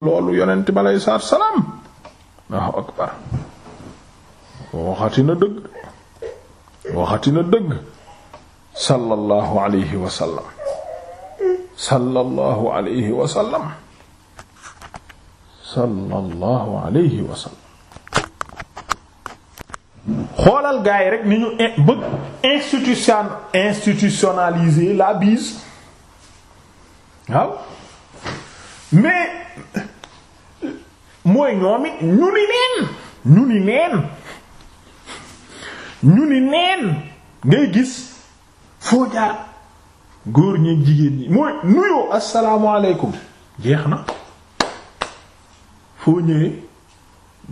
loolu yonent bi aleyhi salaam waxati na dëgg waxati na dëgg sallallahu alayhi wa sallam xoolal gaa yi rek ni ñu bëgg institution la bis waaw mooy ñoom ñu ni neen ñu ni neen ñu ni neen ngay gis foo jaar góor ñi jigéen ñi mooy nuyoo asalaamaaleykum jeex na foo ñëwee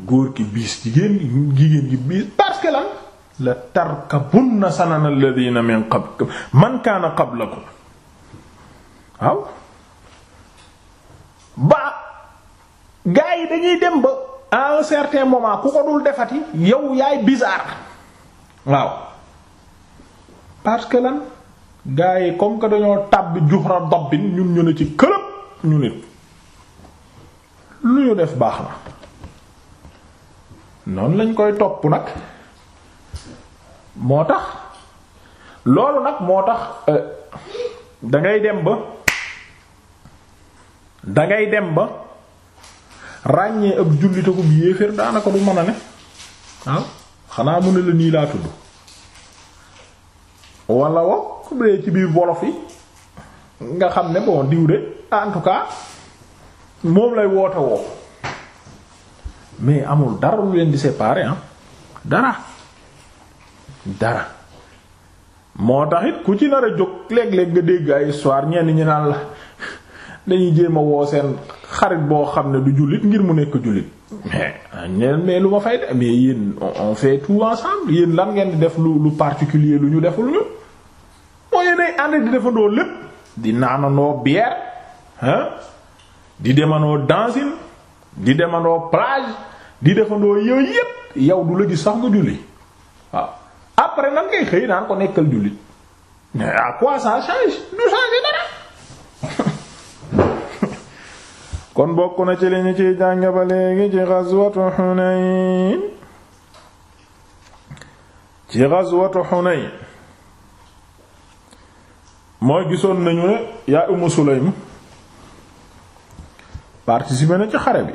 góor ki biis jigéen jigéen gi biis parce que lan la tarkabunna sanana alladhina min qablakum man kaana qablakum waaw ba gars yi dañuy dem ba à certain moment ku ko dul defati yow yaay bizarre waaw parce que lan gars yi comme que dañoo tàbbi juxra dobbin ñun ñu ne ci këlëb ñu nit lu ñu def baax na noonu lañ koy topp nag moo tax loolu nag moo tax euh, dangay dem ba da ngay dem ba ràññee ab jullit bi yéeféer daanaka du mën a ne waaw xanaa mu ne la nii laa tudd wala wokk bee ci biir wolof yi nga xam ne bon diw de en tout moom lay woote woo mais amul dara lu leen di séparer ah dara dara moo taxit ku ci nar jóg léeg-léeg nga dégg ay histoire ñenn ñi naan la dañuy jéem a woo seen xarit boo xam ne du jullit ngir mu nekk jullit mais mais lu ma fay def mais yéen on fait tout ensemble yéen lan ngeen di def lu lu particulier lu ñu deful ñu moo yéenay ànd di defandoo lépp di naanandoo bière hein di demandoo dancing di demandoo plage di defandoo yooyu yépp yow du la gis sax nga julli waaw après nan ngay xëy naan ko nekkal jullit mais à quoi ça change du changer dara kon bokk na ci li ñu ciy jàng ba léegi ci ghazwatu Hunayn ci ghazwatu Hunayn mooy gisoon nañu ne yaa Umm Sulaym participé na ci xare bi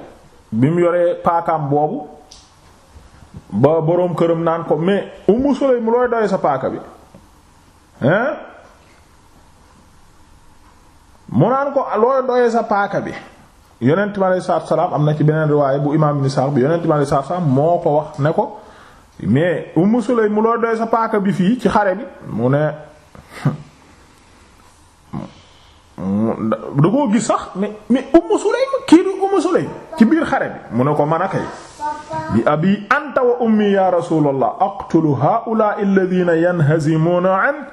bi mu yoree paakaam boobu ba boroom këram naan ko mais Umm Sulaym looy doy sa paaka bi hein mu naan ko looy doy sa paaka bi yonent bi alayhi salaatu salaam am na ci beneen riwaay bu imaam ibn Sa'd bi yonent bi alayhi salaatu salaam moo ko wax ne ko mais Ummu Sulaym mu loo doy sa paaka bi fii ci xare bi mu ne da sax mais mais Ummu kii du Ummu Sulaym ci biir xare bi mu ne ko man a kay bi abi anta wa ummi ya rasulallah aqtulu haa'ulaa'i alladhiina yanhazimuuna anka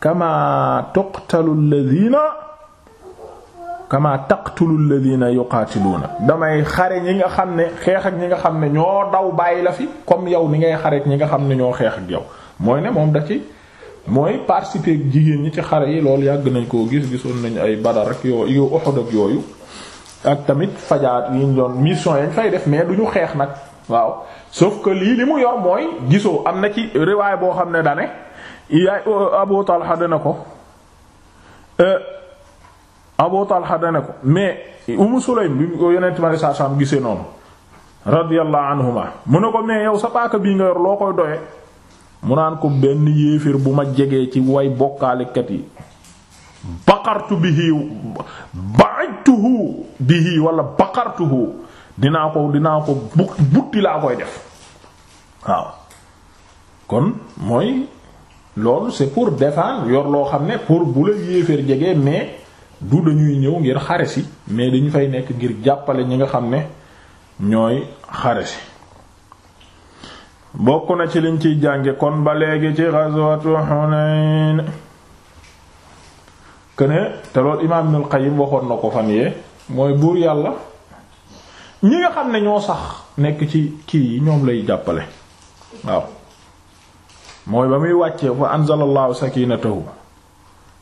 kamaa tuqtalu alladhiina kama taqtulu alladhina yuqaatiluuna damay xare ñi nga xam ne xeex ak ñi nga xam ne ñoo daw bàyyi la fi comme yow ni ngay xare ak ñi nga xam ne ñoo xeex ak yow mooy ne moom da ci mooy participer jigéen ñi ci xare yi lool yàgg nañ koo gis gisoon nañu ay Badar ak yoo yu Uhud ak yooyu ak tamit fajaat yi ñu doon mission yañ fay def mais du ñu xeex nag waaw sauf que lii li mu yor mooy gisoo am na ci riwaay boo xam ne dane yaay Abu Talha dana ko euh, Abu Talha dane ko mais Umm Sulaym bi yonent ma saa saam noonu radiyallahu anhuma mu ne ko mais yow sa paaka bii nga yor loo koy doye mu naan ko benn yéeféer bu ma jegee ci way bokkaalekat yi baqartu bihi ba'tuhu bihi wala baqartuhu dinaa ko dinaa ko bu butti laa koy def waaw kon mooy loolu c'est pour défendre yor loo xam ne pour bu la yéeféer jegee mais du dañuy ñëw ngir xare si mais dañu fay nekk ngir jàppale ñi nga xam ne ñooy xare si bokk na ci liñ ciy jànge kon ba léegi ci ghazwatu Hunayn këne te loolu imaam Ibnul Qayyim waxoon na ko fan yee mooy buur yàlla ñi nga xam ne ñoo sax nekk ci kii yi ñoom lay jàppale waaw mooy ba muy wàccee fa anzalallahu sakinatahu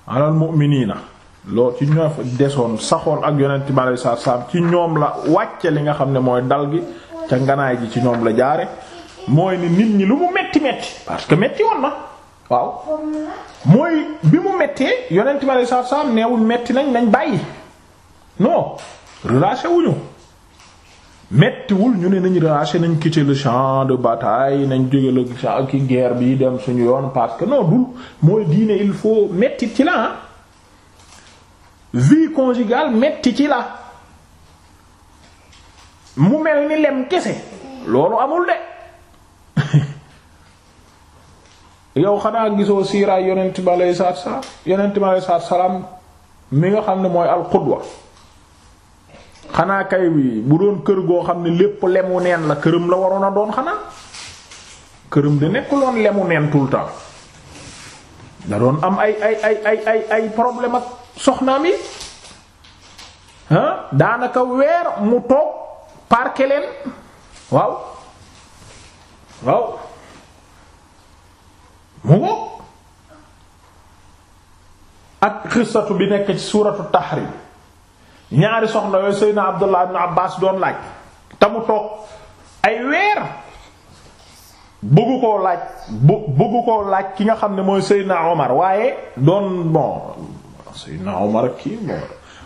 alal mu'minina loolu ci ñoo desoon saxoon ak yonent bi aleyhi salaatu ci ñoom la wàcce li nga xam ne mooy dal gi ca nganaay ji ci ñoom la jaare mooy ni nit ñi lu mu metti metti parce que metti woon na waaw mooy bi mu mettee yonent bi aleyhi salaatu salaam neewul metti nañ nañ bàyyi non relâché wuñu mettiwul ñu ne nañ relâché nañ quitter le champ de bataille nañ jóge le champ ki guerre bi dem suñu yoon parce que non dul mooy diine il faut metti ci la ah. vie conjugale metti ci la mu mel ni lem kese loolu amul de yow xanaa gisoo siiraay yonent bi aleyhi salaatu salaam yonent bi aleyhi salaatu salaam mi nga xam ne mooy alxudwa xanaa kay bi bu doon kër goo xam ne lépp lemu neen la këram la waroon a doon xanaa këram da nekkuloon lemu neen tout le temps da doon am ay ay ay ay ay ay problème ak soxnaam yi ah, daanaka weer mu toog parke leen waaw waaw mu ngo ak xissatu bi nekk ci suuratu tahrim ñaari soxna yooyu seydna abdullah ibn abbas doon laaj te mu toog ay weer bëggu koo laaj bu bëggu koo laaj ki nga xam ne mooy seydna omar waaye doon bon Seydina ma ak kii moo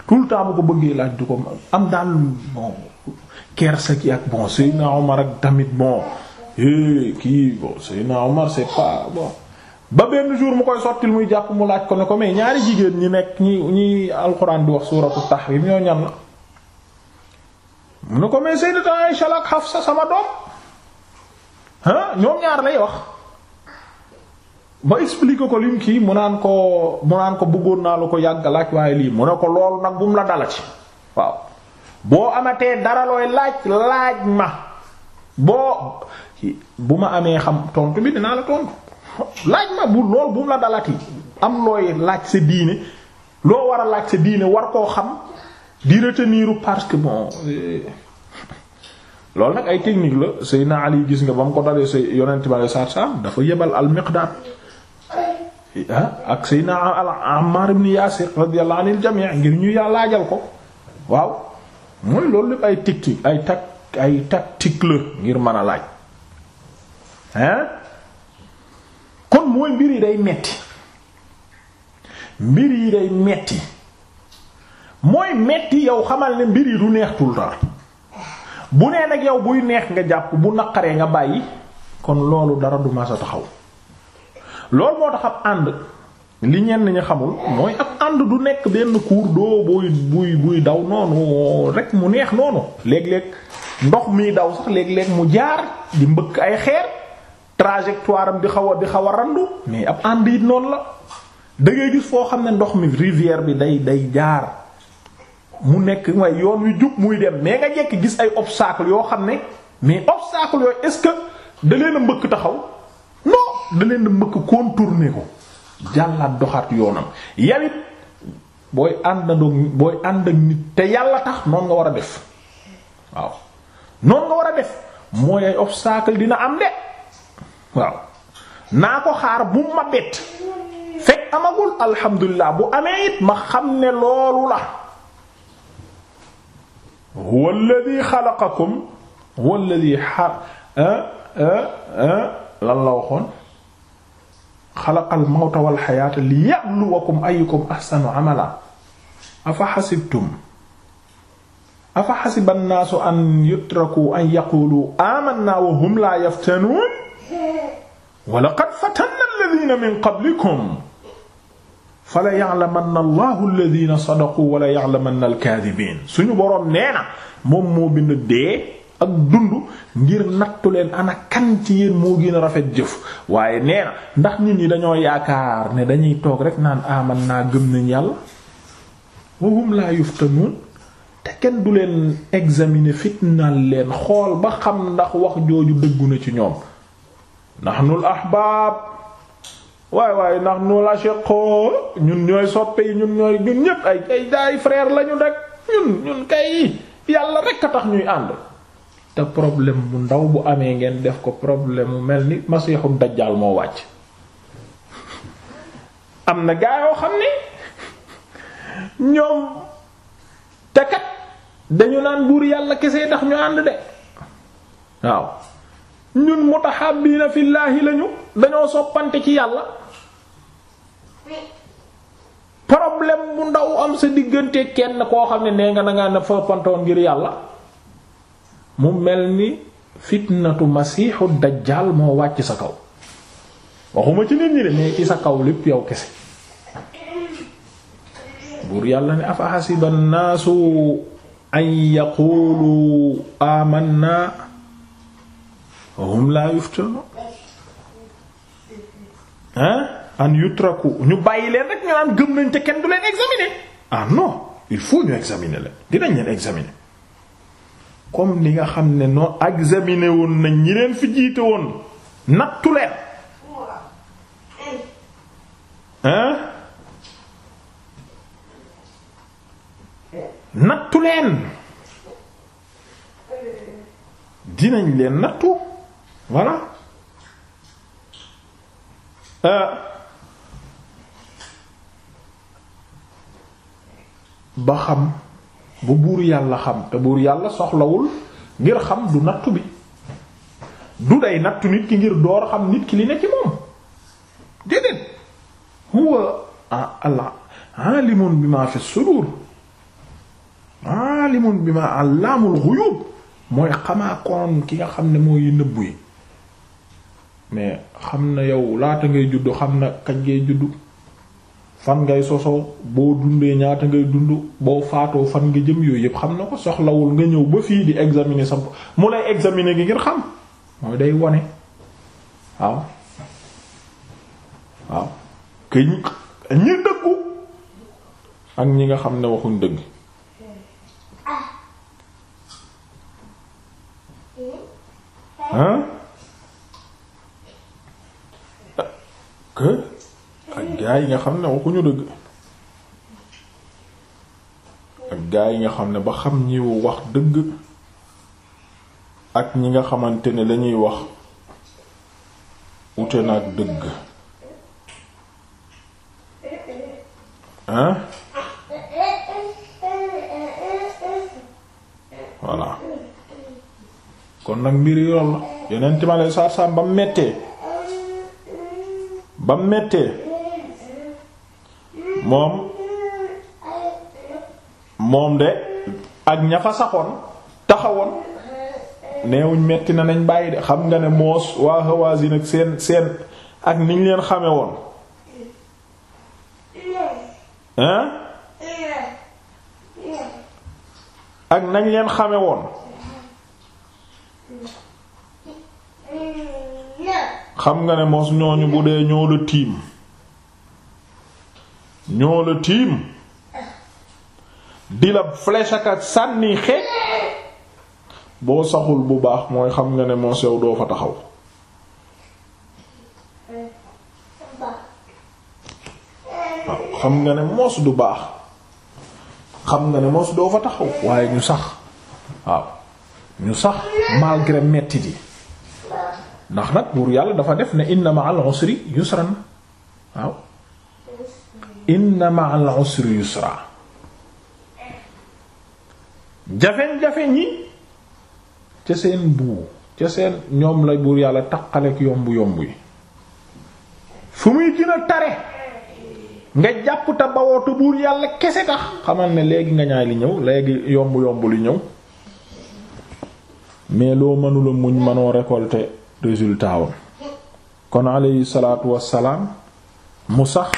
tout le temps bu ko bëggee laaj du ko am daal bon kersa ki ak bon Seydina Omar ak tamit bon eh, kii bon Seydina Omar c'est pas bon ba benn jour mu koy sottil muy jàpp mu laaj ko ne ko mais ñaari jigéen ñi nekk ñi ñi alxuraan di wax suuratu tahrim ñoo ñan la mu ne ko mais Sayyidatu Aisha ak Hafsa sama doom ah ñoom ñaar lay wax ba expliquer ko lim kii mu naan ko mu naan ko bëggoon naa la ko yàgg laaj waaye lii mu ne ko lool nag bu mu la dalati waaw boo amatee dara looy laaj laaj ma boo bu ma amee xam tontu bi dinaa la tontu laaj bu loolu mu la dalati am looy laaj sa diine loo war a laaj sa diine war koo xam di retenir parce que bon eh. loolu nag ay technique la Seydina Ali gis nga ba mu ko dalee sa yonent bi sallallahu alayhi dafa yebal al Miqdaad Ah, ak Seydina Ammar ibn Yaasir radiyallahu anil jamii ngir ñu laajal ko waaw mooy loolu lépp ay tactique ay tak ay tactique la ngir mën a laaj hein kon mooy mbir yi day metti mbir yi day metti mooy metti yow xamal ne mbir yi du neex tout bu nee nag yow buy neex nga jàpp bu naqaree nga bàyyi kon loolu dara du ma sa taxaw loolu moo tax ab ànd li ñenn ñi xamul mooy ab ànd du nekk benn cours doo buy buy buy daw noonu rek mu neex noonu léeg-léeg ndox mi daw sax léeg-léeg mu jaar di mbëkk ay xeer trajectoire am di xaw a di xaw a randu mais ab ànd it noonu la da ngay gis foo xam ne ndox mi rivière bi day day jaar mu nekk waaye yoon wi jub muy dem mais nga jekk gis ay obstacle yoo xam ne mais obstacle yooyu est-ce que da leen a mbëkk taxaw non da leen di mbëkk contourner ko jàllaat doxaat yoonam yawit booy ànd ak nit te yàlla tax noonu nga war a def waaw noonu nga war a def mooy ay obstacle dina am de waaw naa ko xaar bu ma bett fekk amagul alhamdulilah bu amee it ma xam ne loolu la huwa alladhi xalaqakum huwa alladhi xar lan la waxoon xalaqal mawta wal xayaata li yabluwakum ayukum ahsanu amala afa xasibtum afa xasiba annaasu an yutraku an yaqulu amanna wa hum laa yaftanuun wa laqad fatanna alladina min qablikum fala ya'lamanna allahu alladina sadaqu wala ya'lamanna alkaadibiin suñu boroom nee na moom moo bind dee ak dund ngir nattu leen ana kan ci yéen moo gën rafet jëf waaye nee na ndax nit ñi dañoo yaakaar ne dañuy toog rek naan aman naa gëm nañ yàlla wa hum laa yuftanuun te kenn du leen examiner fitnaal leen xool ba xam ndax wax jooju dëggu na ci ñoom nahnu al ahbaab waay waaye nahnu al ashiqo ñun ñooy soppe yi ñun ñooy ñun ñépp ay ay daay lañu rek ñun ñun kay yàlla rek a tax ñuy ànd te problème bu ndaw bu amee ngeen def ko problème mu mel ni masiixu dajjaal moo wàcc am na gaa yoo xam ne ñoom te kat dañu naan buur yàlla kese tax ñu ànd de waaw ñun mutahabbiina fillaahi lañu dañoo soppante ci yàlla problème bu ndaw am sa diggante kenn koo xam ne nee nga na nga ne foppantoon ngir yàlla mu mel ni fitnatu masiixu dajjaal moo wàcc sa kaw waxuma ci nit ñi de mais ci sa kaw lépp yow kese buur yàlla ne afa xasiba naasu an yaqulu amanna hum la yuftanu hein an yutraku ñu bàyyi leen rek ñu naan gëm nañ te kenn du leen examiner ah il faut ñu examiner la dinañ leen examiner comme li nga xam ne noo examiné woon nañ ñi leen fi jiite woon nattu leen nattu leen dinañ leen nattu voilà euh, ba xam bu buur yàlla xam te buur yàlla soxlawul ngir xam du nattu bi du day nattu nit ki ngir door xam nit ki li ne ci moom déedéet huwa allah alimun bima fi sudur alimun bima allamul ghuyub mooy xamaa ki nga xam ne mooy nëbbu yi mais xam na yow laata ngay juddu xam na kañ ngay juddu fan ngay sosoo boo dundee ñaata ngay dund boo faatoo fan nga jëm yooyu yëpp xam na ko soxlawul nga ñëw ba fii di examiner sa mu lay examiner gi ngir xam mooy day wone waaw waaw que ñi dëggu ak ñi nga xam ne waxuñ dëgg hein ak gaa yi nga xam ne ñu dëgg ak gaa yi nga xam ne ba xam ñi wax dëgg ak ñi nga xamante ne lañuy wax wute na dëgg hein voilà kon nag mbir yoon la yeneen time ale saar saar ba mettee ba mettee moom moom de ak ña fa saxoon taxawoon newuñ metti na nañ bàyyi de xam nga ne moos waa Hawazin ak seen seen ak niñ leen xame woon ak nañ leen xame woon xam nga ne moos ñooñu bu dee ñoo la tiim ñoo la tiim di la flèche ak sànni xeej boo saxul bu baax mooy xam nga ne moo sew doo fa taxaw waaw xam nga ne moos du baax xam nga ne moos doo fa taxaw waaye ñu sax waaw ñu sax malgré metti yi ndax nag buur yàlla dafa def ne inna ma'al usri yusran waaw inna ma'al usri yusra jafe-jafe yi ca seen buu ca seen ñoom la buur yàlla taqaleek yomb yomb yi fu muy gën tare nga jàpp te bawootu buur yàlla kese tax xamal ne léegi nga ñaay li ñëw léegi yomb yomb li ñëw mais loo mënula muñ mënoo récolter résultat kon alayhi salaatu wassalaam mu sax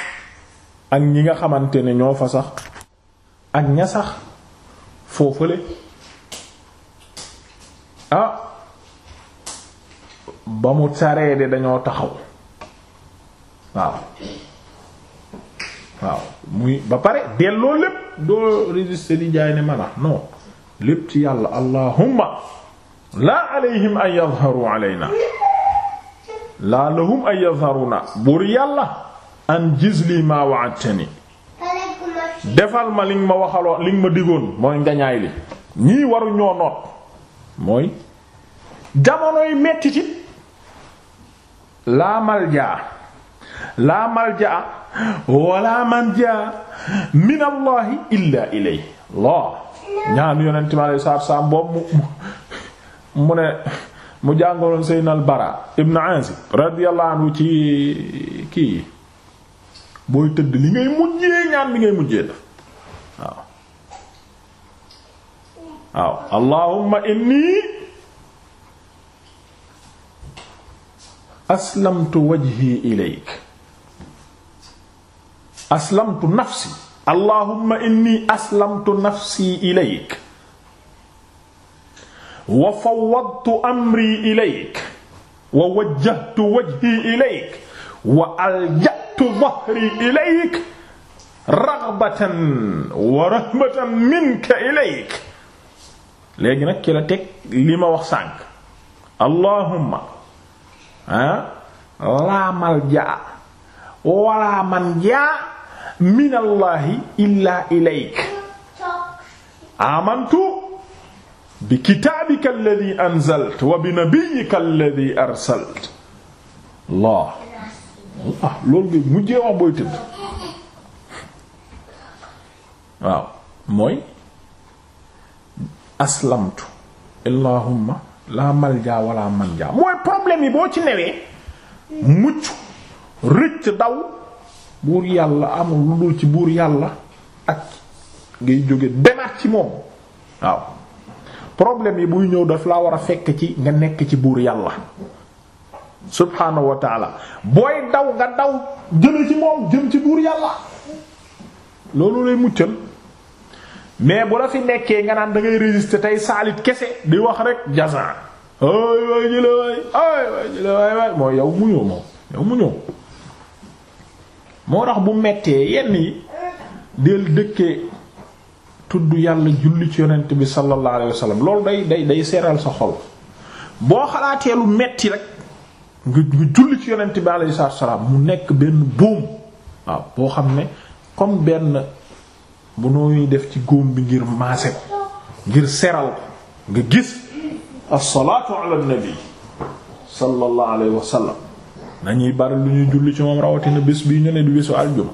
ak ñi nga xamante ne ñoo fa sax ak ña sax foofale ah ba mu saree de dañoo taxaw waaw waaw muy ba pare delloo lépp doo résister di jaay ne mana non lépp ci yàlla allahumma laa alayhim an yadharu alayna laa lahum an yadharuna buur yàlla an jizli ma wa'adtani defal ma liñ ma waxaloon liñ ma digoon mooy ngañaay li ñii waruñoo noot mooy jamonoy metti ci laa maljaa laa maljaa wala illa ilay laa ñaan yonent mi alei saatu salaam mu mu ne mu jàngaloon seynal bara ibn Azib radiyallahu anhu ci kii booy tëdd li ngay mujjee ñaan bi ngay mujjee def waaw waaw inni aslamtu wajhi ilayk aslamtu nafsi allahumma inni aslamtu nafsi ilayk wa fawwadtu amri ilayk wa wajjahtu wajhi ilayk wa alja muddu dhahri ilayk raghbatan wa rahmatan minka ilayk léegi nag ki la teg li ma wax sànq allahumma ah laa maljaa walaa manjaa minallahi illaa ilayk amantu bi kitaabika alladhi anzalt wa bi nabiyyika alladhi arsalt allah ah loolu ngay mujjee wax booy tëdd waaw mooy aslamtu allahumma laa malja wala manja mooy problème yi boo ci newee mucc rëcc daw buur yàlla amul lu dul ci buur yàlla ak ngay jóge demaat ci moom waaw problème yi buy ñëw daf laa war a fekk ci nga nekk ci buur yàlla subhaanahu wa taala booy daw nga daw jële ci moom jëm ci buur yàlla loolu lay muccal mais bu la fi nekkee nga naan da ngay tey saalit kese di wax rek jasan ay waay jële waay waay mooy yow muñoo moom yow muñoo moo tax bu mettee yenn yi del dëkkee tudd yàlla julli ci yonent bi sallallahu alayhi wa loolu day day day seeral sa xol boo xalaatee lu metti rek nga nga julli ci yonent bi alayhi salaatu salaam mu nekk benn buum waaw boo xam ne comme benn bu nooy def ci góom bi ngir maase ko ngir seral ko nga gis as-salaatu ala nabi sallallahu alayhi wa sallam lu ñuy julli ci moom rawatina bés bii di bésu aljuma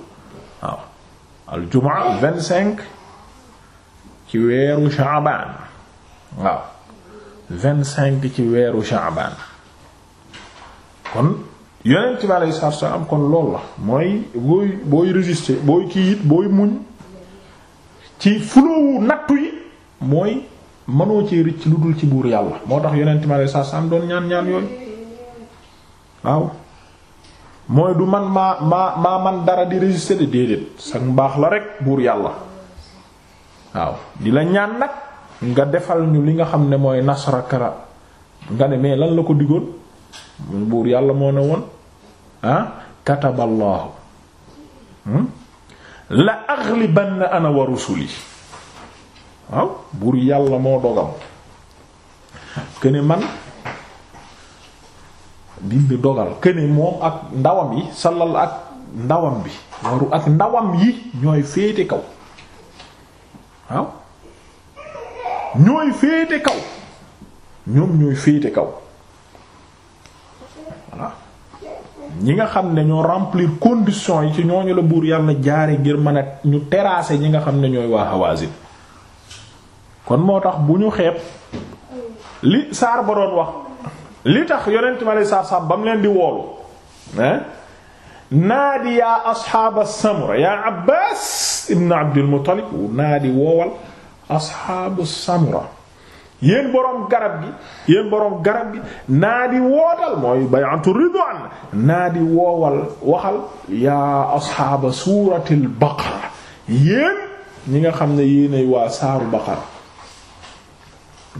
waaw aljuma vingt-cinq ci weeru Sha'baan waaw vingt-cinq ci weeru Sha'baan kon yonent bi alayhi sa am kon loolu la mooy booy booy résister booy kii it booy muñ ci fuloowu nattu yi mooy mënoo ci rëcc lu dul ci buur yàlla moo tax yonent bi alayhi salaatu salaam doon ñaan ñaan yooyu waaw mooy du man maa maa maa man dara di résister de déedéet sax mbaax la rek buur yàlla waaw di la ñaan nag nga defal ñu li nga xam ne mooy nasrakara nga ne mais lan la ko digoon buur yàlla moo ne woon ah kataballaahu hmm? la aghlibanna ana wa rusuli waaw buur yàlla moo dogam këne man bind dogal këne moom ak ndawam yi sallal ak ndawam bi waru ak ndawam yi ñooy féete kaw waaw ñooy féete kaw ñoom ñooy féete kaw ñi nga xam ne ñoo remplir conditions yi ci ñooñu la buur yàlla jaare ngir mën a ñu terrasser ñi nga xam ne ñooy waa Hawazin kon moo tax bu ñu xeeb li saar ba doon wax li tax yonent ma lay saar ba mu leen di woolu hein naadi yaa asxaaba samra yaa Abbaas ibn Abdul Muttalib naadi woowal asxaabu samra yéen borom garab gi yéen borom garab gi naa di wootal mooy bay'atu ridwan naa di woowal waxal yaa asxaaba suuratil baqara yéen ñi nga xam ne yéenay waa saaru baqara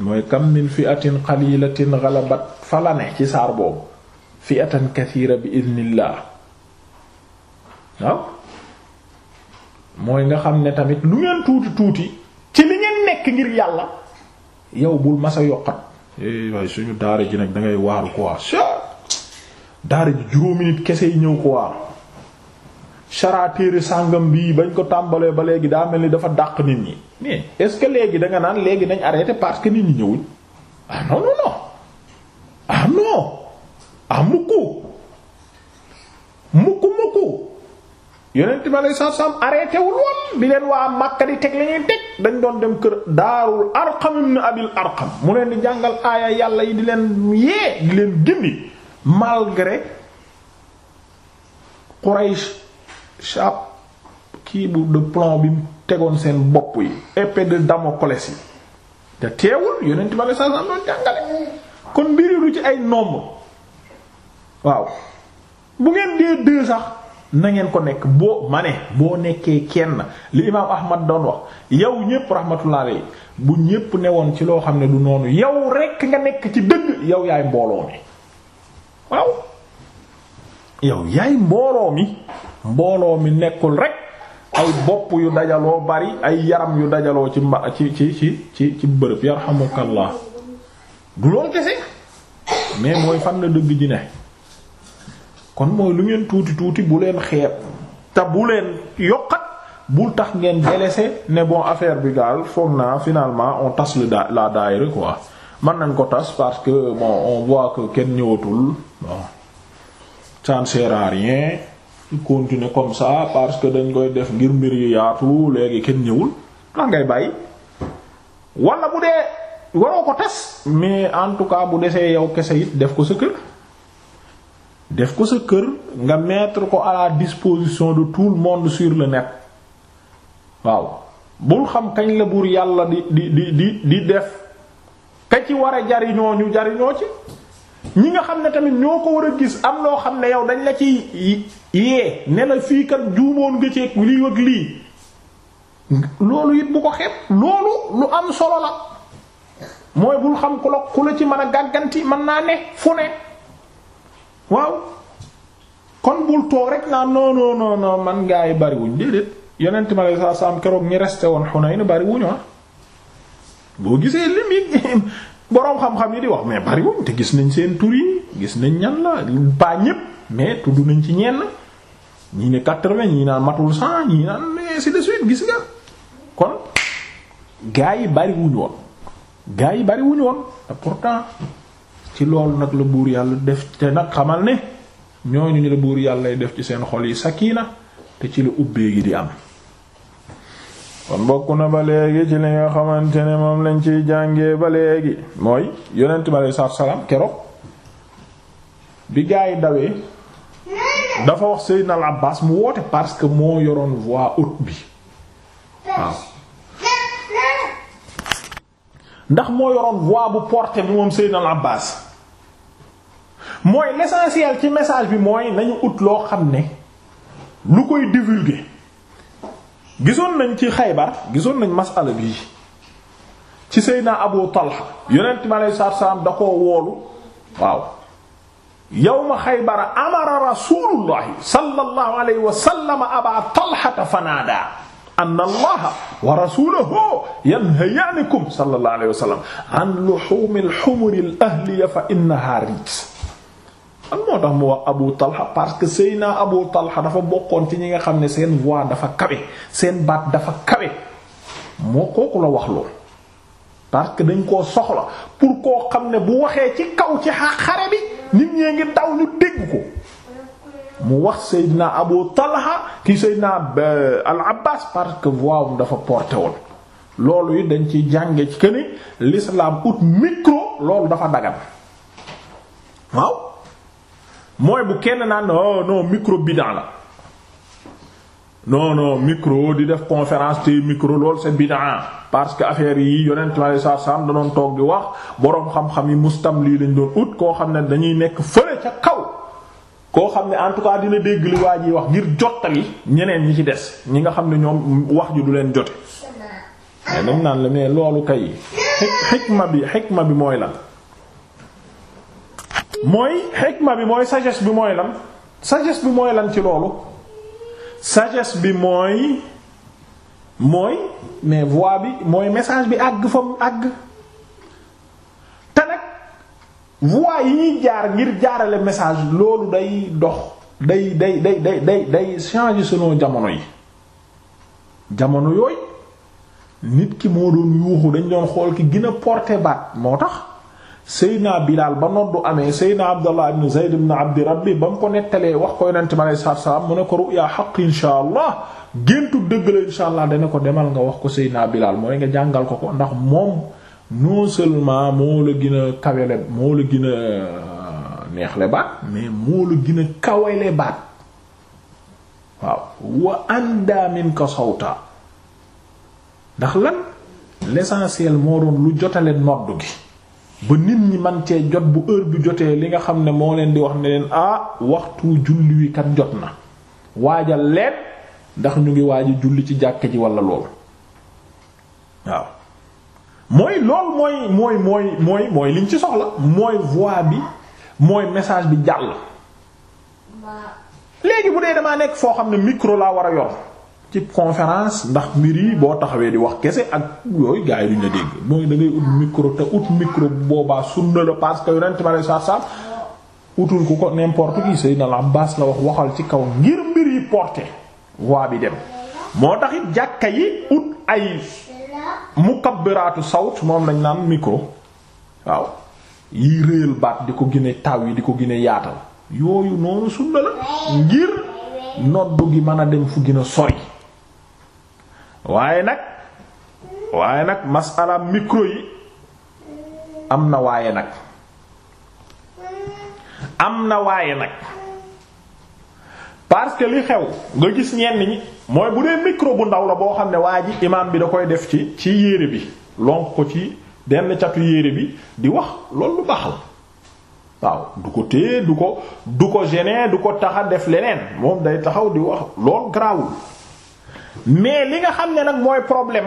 mooy kam min fi'atin qalilatin ghalabat fala ci saar boobu fi'atan kathira bi idnillah waaw mooy nga xam ne tamit lu ngeen tuuti tuuti ci li ngeen nekk ngir yàlla yow bul masa yokkat eh, waaye suñu daara ji nag dangay waaru quoi daara ji juróomi nit kese yi ñëw quoi charaatéeri sàngam bi bañ ko tàmbalee ba léegi daa mel ni dafa dàq nit ñi mais est-ce que léegi danga naan léegi nañ arrêté parce que nit ñi ñëwuñ ah non non ah non ah mukku mukku yonent bi aleyhi salaatu salaam arrêté wul woon bi leen waa Makka teg la teg dañ doon dem kër daarul arqam ibn abil arqam mu leen di jàngal aaya yàlla yi di leen yee di leen gindi malgré Quraysh chap kii bu de plan bi tegoon seen bopp yi épée de Damoclès yi te teewul yonent bi aleyhi salaatu salaam doon jàngale kon mbiri lu ci ay nombre waaw bu ngeen dee deux sax nangeen ko nekk boo ma ne boo nekkee kenn li imaam ahmad doon wax yow ñépp rahmatullah alayhi bu ñépp newoon ci loo xam ne du noonu yow rekk nga nekk ci dëgg yow yaay mbooloo mi waaw yow yaay mbooloo mi mbooloo mi nekkul rekk ay bopp yu dajaloo bari ay yaram yu dajaloo ci mba ci ci ci ci ci bërëb yarhamukallah du loolu kese mais mooy fan la dëgg ji ne kon mooy lu ngeen tuuti tuuti bu leen xeeb te bu leen yokkat bul tax ngeen délaissé ne bon affaire bi gaal foog naa finalement on tas la da la daayira quoi mën nañ ko tas parce que bon on voit que kenn ñëwatul bon ça continuer comme ça parce que dañ koy def ngir mbir yu yaatu léegi kenn ñëwul ndax ngay bàyyi wala bu dee waroo ko tas mais en tout cas bu desee yow kese it def ko sa kër. def ko sa kër nga mettre ko à la disposition de tout le monde sur le net waaw bul xam kañ la buur yàlla di di di di def ka ci war jariñoo ñu jariñoo ci ñi nga xam ne tamit ñoo ko war a gis am loo xam ne yow dañ la ci yee ne la fii kat juumoon nga ceeg lii ak lii loolu it bu ko xeeb loolu lu am solo la mooy bul xam ku la ku la ci mën a gàgganti mën naa ne fu ne waaw kon bul toog rek naa non man gaa yi bariwuñ déedéet yonent ma lay saa saam keroog ñi resté woon Hunayn bariwuñu ah boo gisee lim boroom xam-xam yi di wax mais bariwuñ te gis nañ seen tur gis nañ ñan la pas ñépp mais tudd nañ ci ñenn ñii ne quatre-vingts ñii naan matul cent ñii naan ainsi si suite gis nga kon gaa yi bariwuñu gaa yi bariwuñu woon te pourtant. ci loolu nag la buur yàlla def te nag xamal ne ñooñu buur yàllay def ci seen xol yi sakina te ci lu ubbee gi di am kon bokk na ba léegi ci li nga xamante ne moom lañ ciy jàngee ba léegi mooy yonent bi aleyhi salaatu wa salaam bi gaa yi dawee dafa wax mu woote parce que moo yoroon voix haute bi waaw ndax moo yoroon voix bu portée bi moom Seydina Al mooy l'essentiel ci message bi mooy nañu ut loo xam ne lu koy divulguer gisoon nañ ci Xaybar gisoon nañ masala bi ci Seydina Abu Talha yonent mi alayhi salaatu salaam da koo woolu waaw yawma Xaybara amara rasuulullahi wa sallam Aba Talhata fanaadaa anna Allaha wa rasuulahu an luhuumil humuril ahliyya fa innahaa rijs am moo tax mu wax Abu Talha parce que Seyna Abu Talha dafa bokkoon ci ñi nga xam ne seen voix dafa kawe seen baat dafa kawe moo kooku la wax lool parce que dañ koo soxla pour koo xam ne bu waxee ci kaw ci xare bi nit ñee ngi daw ñu dégg ko mu wax Seydina Abu Talha ki Seydina euh, Al Abbas parce que voix am dafa porté woon loolu yi dañ ci jànge ci këni l'islam ut micro loolu dafa dagan waaw mooy bu kenn naan oh non micro bid'a la non non micro di def conférence te micro lool c'est bid'a parce que affaire yi yonent ma saa saam da doon toog di wax boroom xam-xam yi mustamli lañ doon ut koo xam ne dañuy nekk fële ca kaw koo xam ne en tout cas dina dégg li waa ji wax ngir jottali ñeneen ñi ci des ñi nga xam ne ñoom wax ju du leen jote mais dañ naan la mais loolu kay xikma bi xikma bi mooy la mooy xikma bi mooy sages bi mooy lan sages bi mooy lan ci loolu sagesse bi mooy mooy mais voix bi mooy message bi àgg fa mu àgg te nag yi ñuy jaar ngir jaarale message loolu day dox day day day day day day changer selon jamono yi jamono yooyu nit ki moo doon yuuxu dañ doon xool ki gën a porter baat moo tax Seydina Bilaal ba noddu amee Seydina Abdallah ibn Zayd ibn Abdi Rabbi ba mu ko nettalee wax ko Yonent bi alayhi salaatu mu ne ko ru'ya haqq inshaa géntu dëgg la inshaa Allah ko demal nga wax ko Seydina Bilaal mooy nga jàngal ko ko ndax moom non seulement moo la gën a kawele la gën a neexle baat mais moo la gën waaw wa anda minka sawta ndax lan l'essentiel moo doon lu jotale noddu gi ba nit ñi man cee jot bu heure bu jotee li nga xam ne moo leen di wax ne leen ah waxtu julli wi kat jot na waajal leen ndax ñu ngi waaj julli ci jàkk ji wala lool waaw mooy lool mooy mooy mooy mooy liñ ci soxla mooy voix bi mooy message bi jàll léegi bu dee damaa nekk foo xam ne micro laa war a yor ci conférence ndax mbir yi boo taxawee di wax kese ak yooyu gars yi duñ la dégg mooy da ut micro te ut micro boobaa sunna la parce que yonent ma lay saa saa utul ku ko n'importe qui Seydina Abbas la wax waxal ci kaw ngir mbir yi porté waa bi dem. moo taxit it jàkka yi ut ay mukabbiratu sawt moom lañ naan micro waaw yiy réel baat di ko gëne taw yi di ko gëne yaatal yooyu noonu sunna la ngir noddu gi mën a dem fu gën a sori. waaye nag waaye nag masala mikro yi am na waaye nag am na waaye nag parce que li xew nga gis ñenn ñi mooy bu dee micro bu ndaw la boo xam ne waa ji imaam bi da koy def ci ci yére bi lonk ko ci denn catu yére bi di wax loolu lu waaw du ko téye du ko du ko gêner du ko taxa def leneen moom day taxaw di wax loolu garaawul mais li nga xam ne nag mooy problème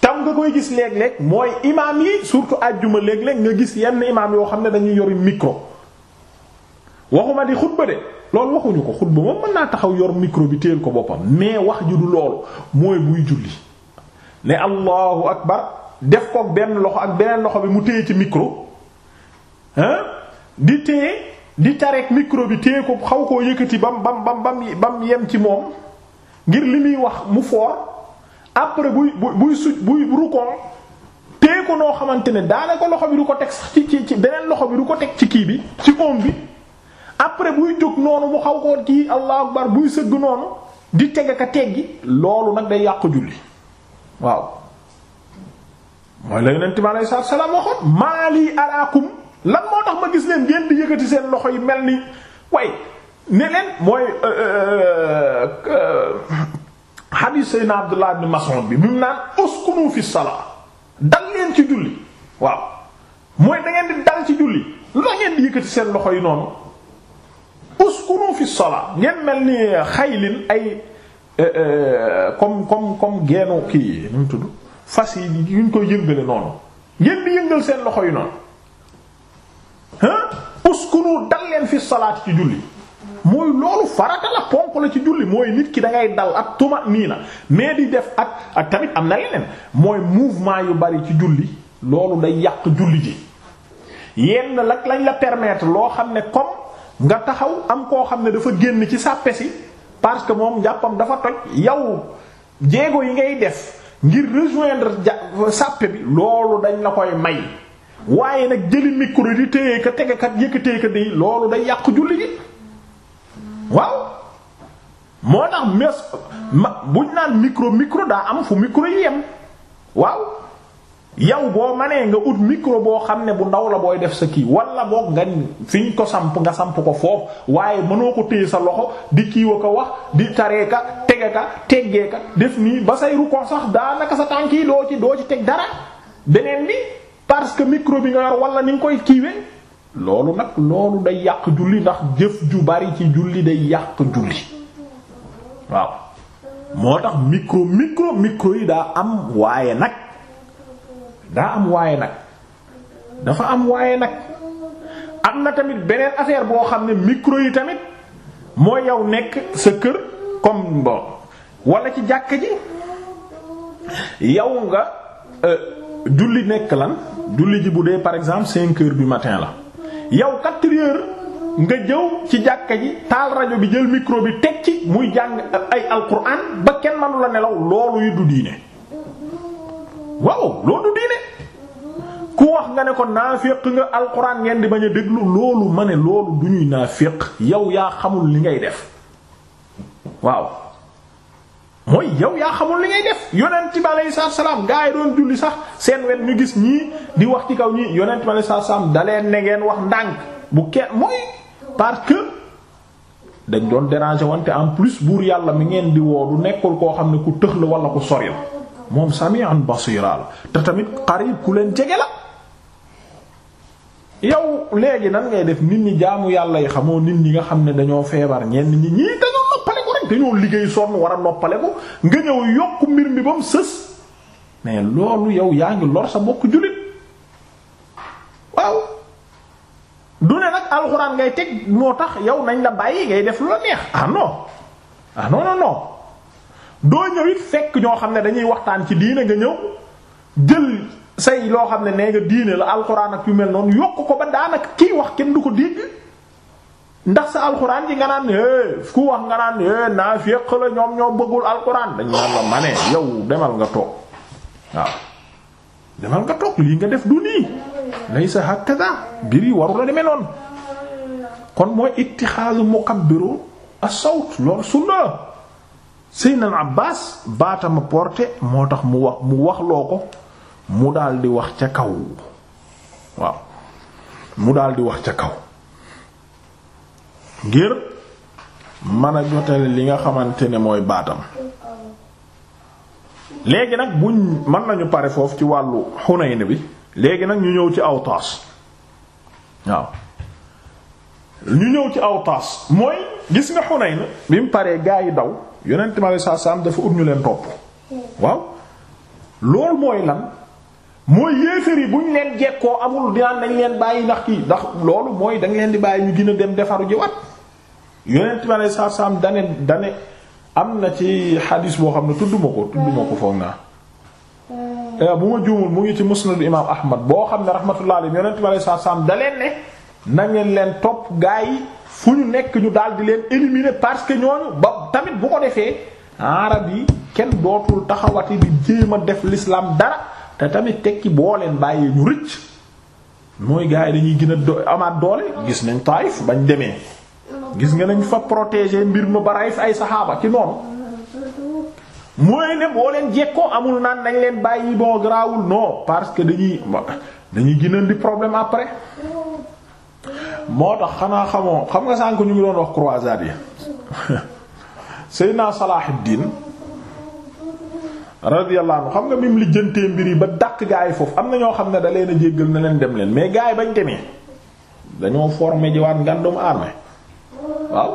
tam nga koy gis léeg-léeg mooy imaam yi surtout àjjuma léeg-léeg nga gis yenn imaam yoo xam ne dañuy yori micro waxuma di xutba de loolu waxuñu ko xutba moom mën naa taxaw yor micro bi téel ko boppam mais wax ju du loolu mooy buy julli ne allahu akbar def ko benn loxo ak beneen loxo bi mu téye ci mikro hein di téye di tareek micro bi téye ko xaw koo yëkkati bam bam bam bam yem ci moom ngir li muy wax mu foor après buy buy su buy rukon tee ko noo xamante ne daanaka loxo bi du ko teg sax ci ci ci beneen loxo bi du ko teg ci kii bi ci oom bi après buy jóg noonu mu xaw koo kii allahu akbar buy sëgg noonu di teg ak a teggi loolu nag day yàq julli waaw mooy la yonent bi aleyhi salaatu salaam waxoon maa alaakum lan moo tax ma gis leen ngeen di yëkkati seen loxo yi mel ni way ne leen mooy xadiis euh, euh, euh, Seydina Abdullah ibn bi bi mu naan uskunu fi salaa dal leen ci julli waaw mooy da di dal ci julli lu ngeen di yëkkati seen loxo yi noonu uskunu fi salaa ngeen mel ni xaylin ay comme comme comme geenu kii nu mu tudd fas yi ñu ngi koy yëngale noonu ngeen di yëngal seen loxo yi noonu ah uskunu dal leen fi salaat ci julli. mooy loolu farata la ponk la ci julli mooy nit ki da ngay dal ak tuma nii na mais di def ak ak tamit am na leneen mooy mouvement yu bari ci julli loolu day yàq julli ji yenn lak lañ la permettre loo xam ne comme nga taxaw am koo xam ne dafa génn ci sàppe si parce que moom njàppam dafa toj yow jéego yi ngay def ngir rejoindre ja sàppe bi loolu dañ la koy may waaye nag jëli micro di téye ka tege kat yëkkatéye ka di loolu day yàq julli ji waaw moo tax mes ma buñ naan micro micro daa am fu micro yi yem waaw yow boo ma manee nga ut micro boo xam ne bu ndaw la booy def sa kii wala boog nga fi ñu ko samp nga samp ko foofu waaye mënoo ko téye sa loxo di kiiwa ko wax di taree ka tege ka teggee ka def nii ba say ruko sax daanaka sa tànk ci doo ci teg dara beneen bi parce que micro bi nga yor wala ni nga koy kiiwee. loolu nag loolu day yàq julli ndax jëf ju bari ci julli day yàq julli waaw moo tax micro micro micro yi daa am waaye nag daa am waaye nag dafa am waaye nag am na tamit beneen affaire boo xam ne micro yi tamit moo yow nekk sa kër comme bon walla ci jàkk ji yow nga euh, julli nekk lan julli ji bu dee par exemple cinq heures du matin la yow quatre heures nga jëw ci jàkka ji taal rajo bi jël micro bi teg ci muy jàng ay alquran ba kenn manu nelaw loolu yu du diine waaw loolu du diine ku wax nga ne ko naafiq nga alquran ngeen di bañ a déglu loolu ma ne loolu du ñuy naafiq yow yaa xamul li ngay def waaw mooy yow yaa xamul li ngay def yonent bi aleyhi salaam gaa yi doon julli sax seen wet ñu gis ñii di wax ci kaw ñii yonent bi aleyhi salaam dalee ne ngeen wax ndànk bu kenn mooy parce que dañ doon déranger wante en plus buur yàlla mi ngeen di woo du nekkul koo xam ne ku tëx la wala ku sori la moom sami'an basira la te tamit qarib ku leen jege la. yow léegi nan ngay def nit ñi jaamu yàlla yi xamoo nit ñi nga xam ne dañoo feebar ñeen ñi ñii dañoo liggéey sonn war a noppale ko nga ñëw yokk mbir mi ba mu sës mais loolu yow yaa ngi lor sa bokk jullit waaw du ne nag alxuraan ngay teg moo tax yow nañ la bàyyi ngay def lu la neex ah non ah non non non doo ñëw it fekk ñoo xam ne dañuy waxtaan ci diine nga ñëw jël say loo xam ne nee nga diine la alxuraan ak yu mel noonu yokk ko ba daanaka kiy wax kenn du ko dégg. ndax sa alxuraan ji nga naan ku wax nga naan naa féq la ñoom ñoo bëggul alxuraan dañ naan la ma yow demal nga toog waaw demal nga toog lii nga def du nii laysa hakaza mbir yi waru la demee noonu kon mooy ittixaasu mukabbiru as-sawt loolu sunna Seydina Abbaas baatama porté moo tax mu wax mu wax loo ko mu dal di wax ca kaw waaw mu daal di wax ca kaw ngir mën a jotale li nga xamante ne mooy baatam léegi nag buñ mën nañu pare foofu ci wàllu Hunayn bi léegi nag ñu ñëw ci aw Awtaas waaw ñu ñëw ci Awtaas mooy gis nga Hunayn bi mu paree gaa yi daw yonent mi sallallahu alayhi wasallam dafa ut ñu leen topp waaw loolu mooy lan mooy yéefar yi bu ñu leen jekkoo amul dinaan nañ leen bàyyi ndax ki ndax loolu mooy da leen di bàyyi ñu gën a dem defaru ji wat yonent bi aleyhi salaatu salaam dane dane am na ci xadis boo xam ne tudd ma ko tudd ma ko foog naa eh, bu ma juumul mu ngi ci musnad imaam ahmad boo xam ne rahmatullah alayhi yonent bi aleyhi salaatu salaam da leen ne na ngeen leen topp gaa yi fu ñu nekk ñu daal di leen éliminer parce que ñooñu ba tamit bu ko defee arab yi kenn dootul taxawati di jéem a def l'islam dara te tamit tekki boo leen bàyyi ñu rëcc mooy gars yi dañuy gën do amaat doole gis nañ Taayif bañ demee gis nga nañu fa protéger mbir ma baray fi ay saxaaba ci noonu mooy ne boo leen jekkoo amul naan dañ leen bàyyi bon garaawul noo parce que dañuy dañuy gën di problème après moo tax xanaa xamoo xam nga sànk ñu ngi doon wax croisade yi Seydina Salahuddin radiyallahu anhu xam nga bi mu mbir yi ba dàq gaa yi foofu am na ñoo xam ne da leen jéggal na leen dem leen mais gaay yi bañ demee dañoo formé jiwaat ngàndum armée waaw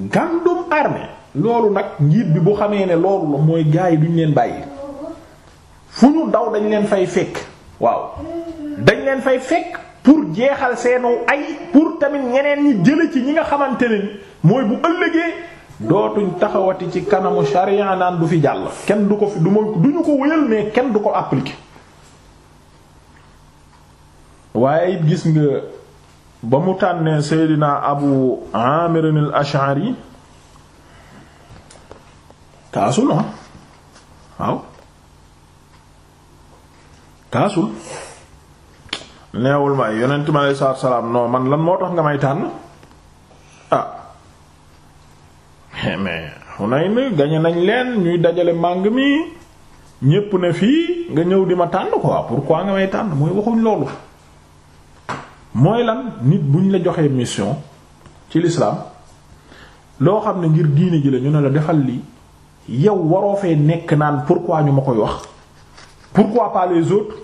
ngàndum armée loolu nag njiit bi bu xamee ne loolu la mooy gaa yi duñ leen bàyyi fu ñu daw dañ leen fay fekk waaw dañ leen fay fekk pour jeexal seenoo ay pour tamit ñeneen ñi jële ci ñi nga xamante ne mooy bu ëllëgee. dootuñ taxawati ci kanamu sharia naan du fi jàll kenn du ko fi du ma du ko wéyal mais kenn du ko appliquer waaye it gis nga ba mu tànnee Seydina Abu Amir al-Ash'ari taasul ah waaw taasul neewul may yonent mi salaam non man lan moo tax nga may tànn Hunayn gañe nañ leen ñuy dajale màng mi ñépp ne fii nga ñëw di ma tànn quoi pourquoi nga may tànn mooy waxuñ loolu mooy lan nit buñ la joxee mission ci l'islam loo xam ne ngir diine ji la ñu ne la defal lii yow waroo fee nekk naan pourquoi ñu ma koy wax pourquoi pas les autres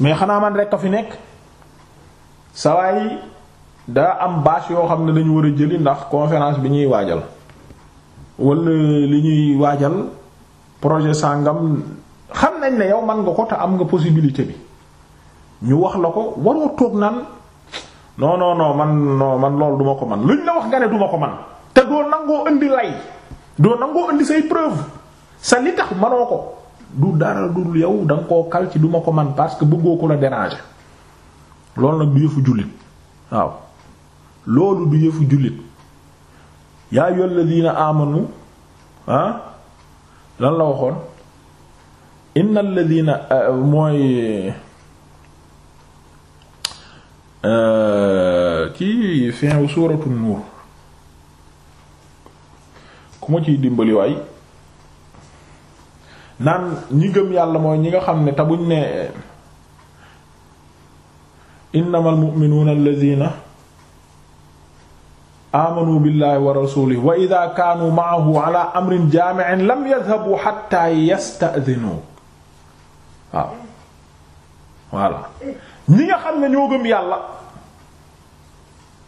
mais xanaa man rek a fi nekk sawaay daa am bâche yoo xam ne dañu war a jëli ndax conférence bi ñuy waajal wala li ñuy waajal projet sàngam xam nañ ne yow man nga ko te am nga possibilité bi ñu wax la ko waroo toog naan noo noo non man non man loolu duma ko man luñ la wax nga ne duma ko man te doo nangoo indi lay doo nangoo indi say preuve sa li tax manoo ko du dara dul yow da koo kal ci duma ko man parce que bëggoo ko la déranger loolu nag du yëfu jullit waaw loolu du yëfu jullit yaa ayyuhal ladina amanu ah lan la waxoon innal ladina eh, mooy ci eh, fin suuratu nuur ku ma ciy dimbali waay naan ñi gëm yàlla mooy ñi nga xam ne te buñ ne eh, innamal mu'minuuna alladina amanu billahi wa rasulihi wa idha kaanu ma'ahu ala amrin jaami'in lam yadhhabu hatta yasta'dhinu waaw voilà ñi yàlla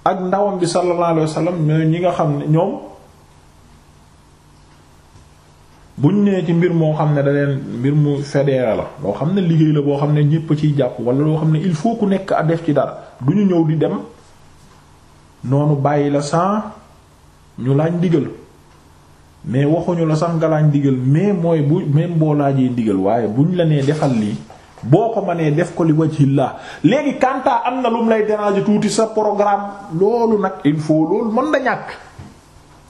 ak ndawam bi sallallahu alayhi wasallam ñi nga xam ne ñoom buñ nee ci mbir moo xam ne da mbir mu fédéré la loo xam ne liggéey la boo xam ne ñépp ciy jàpp wala loo xam ne il faut ku nekk a def ci dara duñu ñëw di dem noonu bàyyi la sans ñu lañ ndigal mais waxuñu la sax nga laaj ndigal mais mooy bu même boo laajee ndigal waaye buñ la nee defal lii boo ko mënee def ko li wajhillah léegi kantaa am na lum lay déranger tuuti sa programme loolu nag il faut loolu mën na ñàkk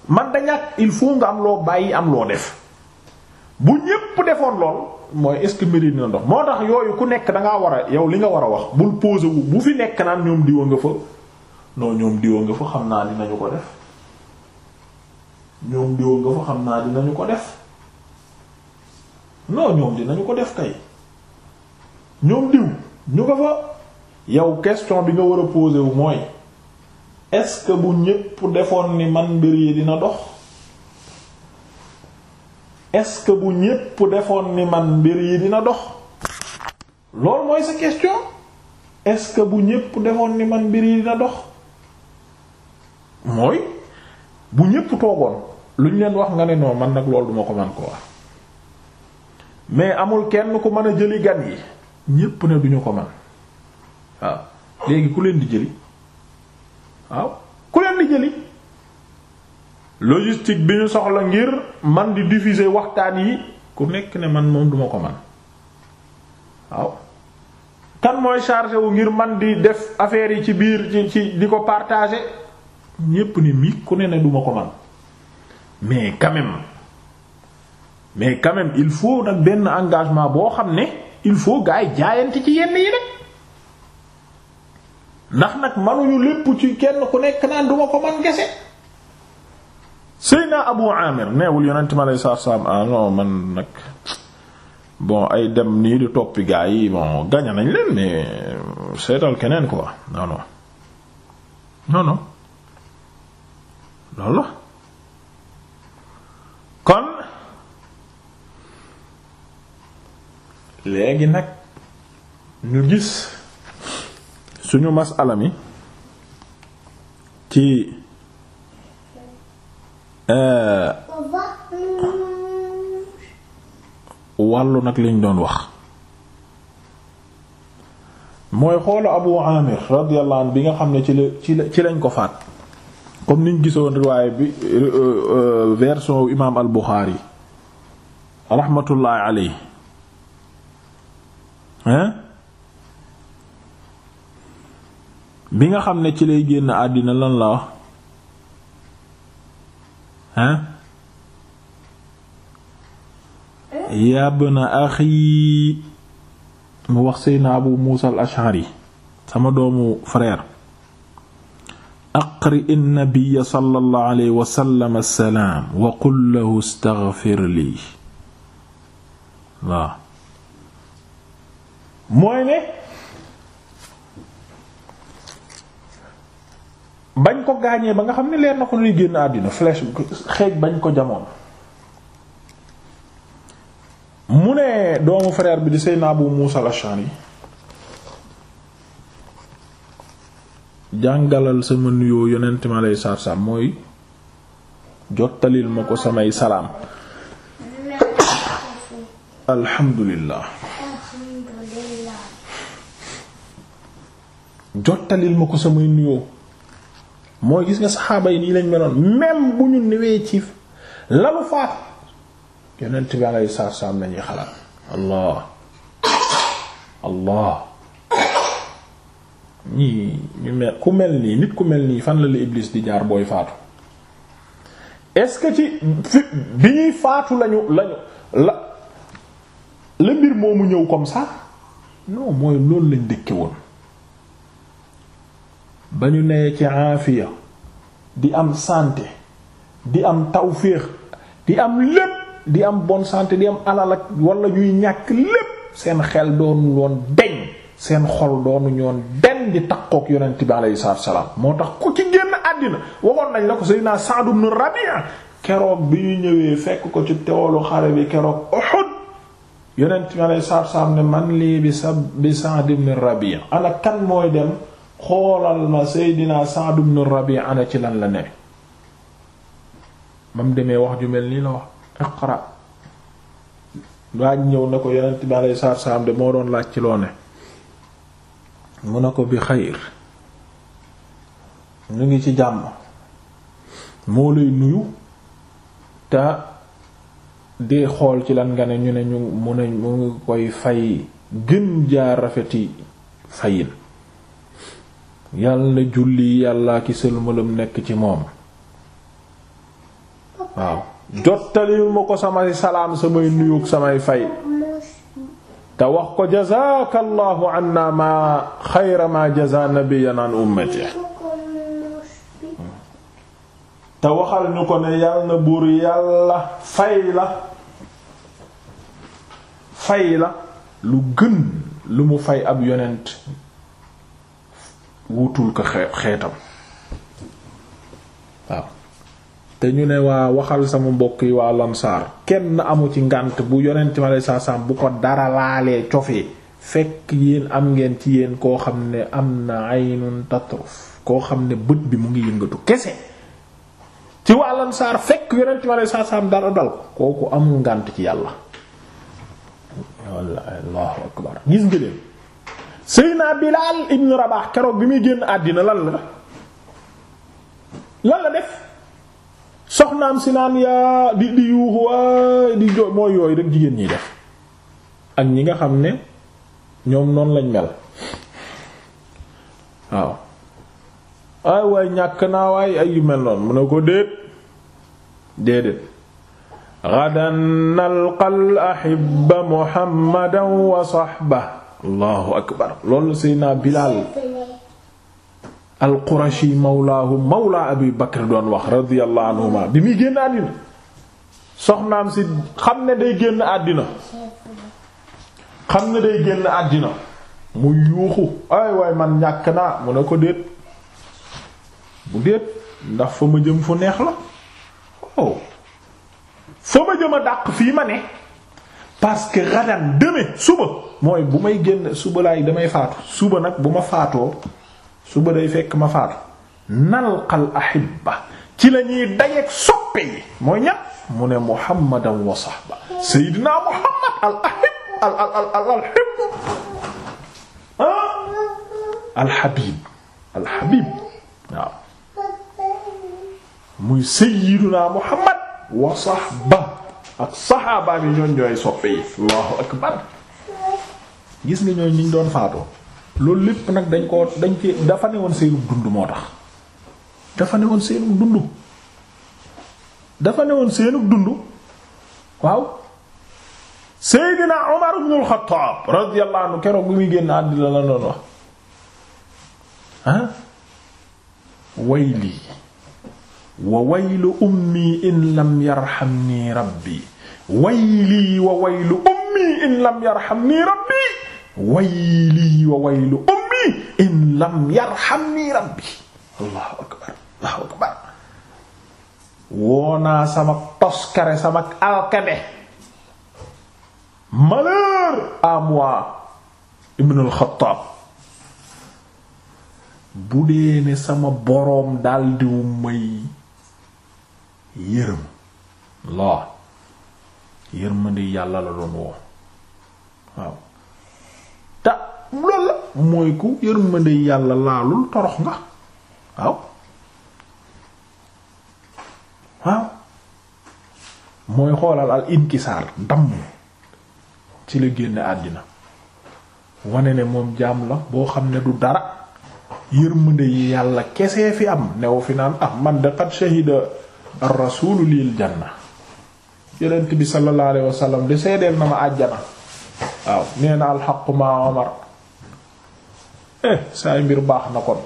man da ñàkk il faut nga am loo bàyyi am loo def bu ñépp defoon lool mooy est na ndox moo tax yooyu ku nekk da ngaa war a yow li nga war a wax bul poser wu bu fi nekk naan ñoom diwa nga fa non ñoom diwa nga fa xam naa dinañu ko def ñoom xam naa dinañu ko def non ñoom dinañu ko def kay ñoom diw ñu nga fa yow question bi nga war a poser mooy est-ce bu ñépp defoon ni man mbir yi dina dox est bu ñépp defoon ni man mbir yi dina dox loolu mooy sa question est-ce que bu ñépp defoon ni man mbir yi dina dox mooy bu ñépp toogoon lu ñu leen wax nga ne non man nag loolu duma ko man ko wax mais amul kenn ku mën a jëli gan yi ñépp ne duñu ko man waaw léegi ku leen di jëli waaw ku leen di jëli logistique bi ñu soxla ngir man di diffuser waxtaan yi ku nekk ne man moom duma ko man waaw kan mooy chargé wu ngir man di def affaire yi ci biir ci ci di ko partager ñépp ni mi ku ne ne duma ko man mais quand même mais quand il faut nag benn engagement boo xam ne il faut gars yi jaayante ci yenn yi rek ndax nag manuñu lépp ci kenn ku nekk naan duma ko man gese Seyna Abu Amir neewul yonent ma lay saaf saam ah man nag bon ay dem nii di toppi gars yi bon gaña nañ leen mais seetal keneen quoi non non loolu la kon léegi nag ñu gis suñu masala mi ci euh, wàllu nag liñ doon wax mooy xoolu Abu Amir radiyallahu bi nga xam ne ci la ci lañ ko faat comme niñ gisoon riwaay bi euh, euh, version imaam al Buxaari raxmatullaahi alayhi hein bi nga xam ne ci lay génn àddina lan la wax hein yaa ibna axi mu wax Seydina Abu Muusa al Ash'ari sama doomu frère aqri nnabiya sallallahu alayhi wa sallam assalaam wa qul lahu astaghfir mooy ne bañ ko gaañee ba nga xam ne leer na ko nuy génn àddina flèche xeej bañ ko jamoon mu ne doomu frère bi di Seydina Abu Muusa al-Ash'ari jàngalal sama nuyoo yonent ma lay sarsam mooy jottalil ma ko samay salaam alhamdulillah jottalil ma ko samay nuyoo mooy gis nga saxaaba yi nii lañ meloon même bu ñu newee ci lalu faat yonent bi alayhi salaam lañuy xalaat allah allah ñii ñu mel ku mel nii nit ku mel nii fan la la Iblis di jaar booy faatu est-ce que ci fi bi ñuy faatu lañu lañu la la mbir moomu ñëw comme sax non mooy loolu lañ dëkke woon ba ñu nee ci aafiya di am santé di am tawféex di am lépp di am bon santé di am alal ak wala ñuy ñàkk lépp seen xel doonu loon deñ seen xol doonu ñoon deñ kenn di takkook yonent bi alayhi salaatu salaam moo tax ku ci génn àddina waxoon nañ la ko Seydina Sa'd ibn Rabi'a keroog bi ñu ñëwee fekk ko ci toolu xare bi keroog Uhud yonent bi alayhi salaatu salaam ne man lii bi sa bi Sa'd ibn Rabi'a ana ci lan la ne ba mu demee wax ju mel nii la wax iqra waaj ñëw na ko yonent bi alayhi salaatu salaam de moo doon laaj ci loo ne mu ne ko bi xayr ñu ngi ci jàmm moo lay nuyu te di xool ci lan nga ne ñu ne ñu mu ne mu ngi koy fay gën jaar rafeti fayin yàlla na julli yàllaa ki sëlmalam nekk ci moom waaw jottalil ma ko samay salaam samay nuyu samay fay te wax ko jazaaka allahu anna ma xayra ma jaza nabiyan te waxal ñu ko ne yàlla na buur yàlla fay la fay la lu gën lu mu fay ab yonent wutul ko xeetam waaw te ñu ne waa waxal sama mbokk yi waa lansaar kenn amu ci ngànt bu yonent ma lay saasaam bu ko dara laalee cofee fekk yéen am ngeen ci yéen koo xam ne am na aynun tatruf koo xam ne bët bi mu ngi yëngatu kese ci waa lansaar fekk yonent ma lay saasaam dara dal ko kooku amul ngànt ci yàlla wallahi allahu akbar gis nga leen Seyna Bilaal ibn Rabaax keroog bi muy génn àddina lan la lan la def soxnaam si naan yaa di di yuuxu waay di jo mooy yooyu rek jigéen ñi def ak ñi nga xam ne ñoom noonu lañ mel waaw ay waay ñàkk naa waay ay mel noonu mu ne ko déet déedéet ghadan nalqal ahibba muhammadan wa sahba allahu akbar loolu sëy naa bilaal al-Qurashi mawlaahu mawlaa Abi Bakr doon wax radiyallahu anhuma bi muy génn àddina soxnaam si xam ne day génn àddina xam ne day génn àddina mu yuuxu ay waay man ñàkk naa mu ne ko déet bu déet ndax fa ma jëm fu neex la oh fa ma jëm a dàq fii ma ne parce que radan deme suba mooy bu may génn suba laay damay faatu suba nag bu ma faatoo suba day fekk ma faatu nalqal ahibba ci la ñuy dajeek soppe yi mooy ñan mu ne muhammadan wa sahba seydina muhammad al ahib al al al al al ah? habib al habib waaw muy seydina muhammad wa sahba ak saxaabaa yi ñoon ñooy soppe yi allahu akbar gis nga ñooy niñ doon faatoo loolu lépp nag dañ ko dañ ci dafa newoon seenu dund moo tax dafa newoon seenu dund dafa newoon seenu dund waaw Seydina Omar ibn al-Khattab radiyallahu anhu keroog bi muy génn àddina la doon wax ah waylii wa waylu ummi in lam yarhamni rabbi waylii wa waylu ummi in lam yarhamni rabbi waylii wa waylu ummi in lam yarhamni rabbi allahu akbar allahu akbar woonaa sama toskare sama alkade malheur à moi ibn al bu dee ne sama boroom daldi may yërëm laa yërmande yàlla la doon woo waaw loolu la mooy ku yërmande yàlla laalul torox nga waaw waaw mooy xoolal al inkisaar damm ci la génne àddina wane ne moom jaam la boo xam ne du dara yërmande yi yàlla kese fi am new fi naan ah man de qad shahida ar-rasulu lil janna yonent bi sallallahu alayhi wasallam de na ma àjjana waaw nee na alxaqu ma Omar eh saay mbir baax na kon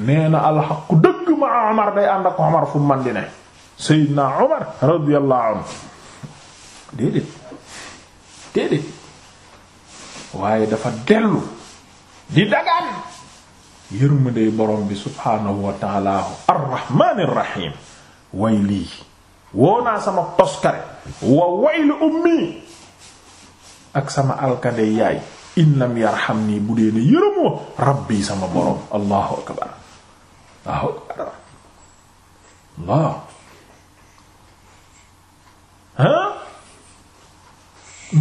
nee na alxaqu dëgg ma Omar day ànd ak Omar fu man Seydina Omar radiyallahu anhu déedéet déedéet waaye dafa dellu di dagaan yërmandey borom bi subhaanahu wa taala way lii woo naa sama toskare wa waylu ummi ak sama alkande yaay in lam yarham nii bu dee ne yërëmoo rabbi sama borom allahu akbar allahu akbar allah ah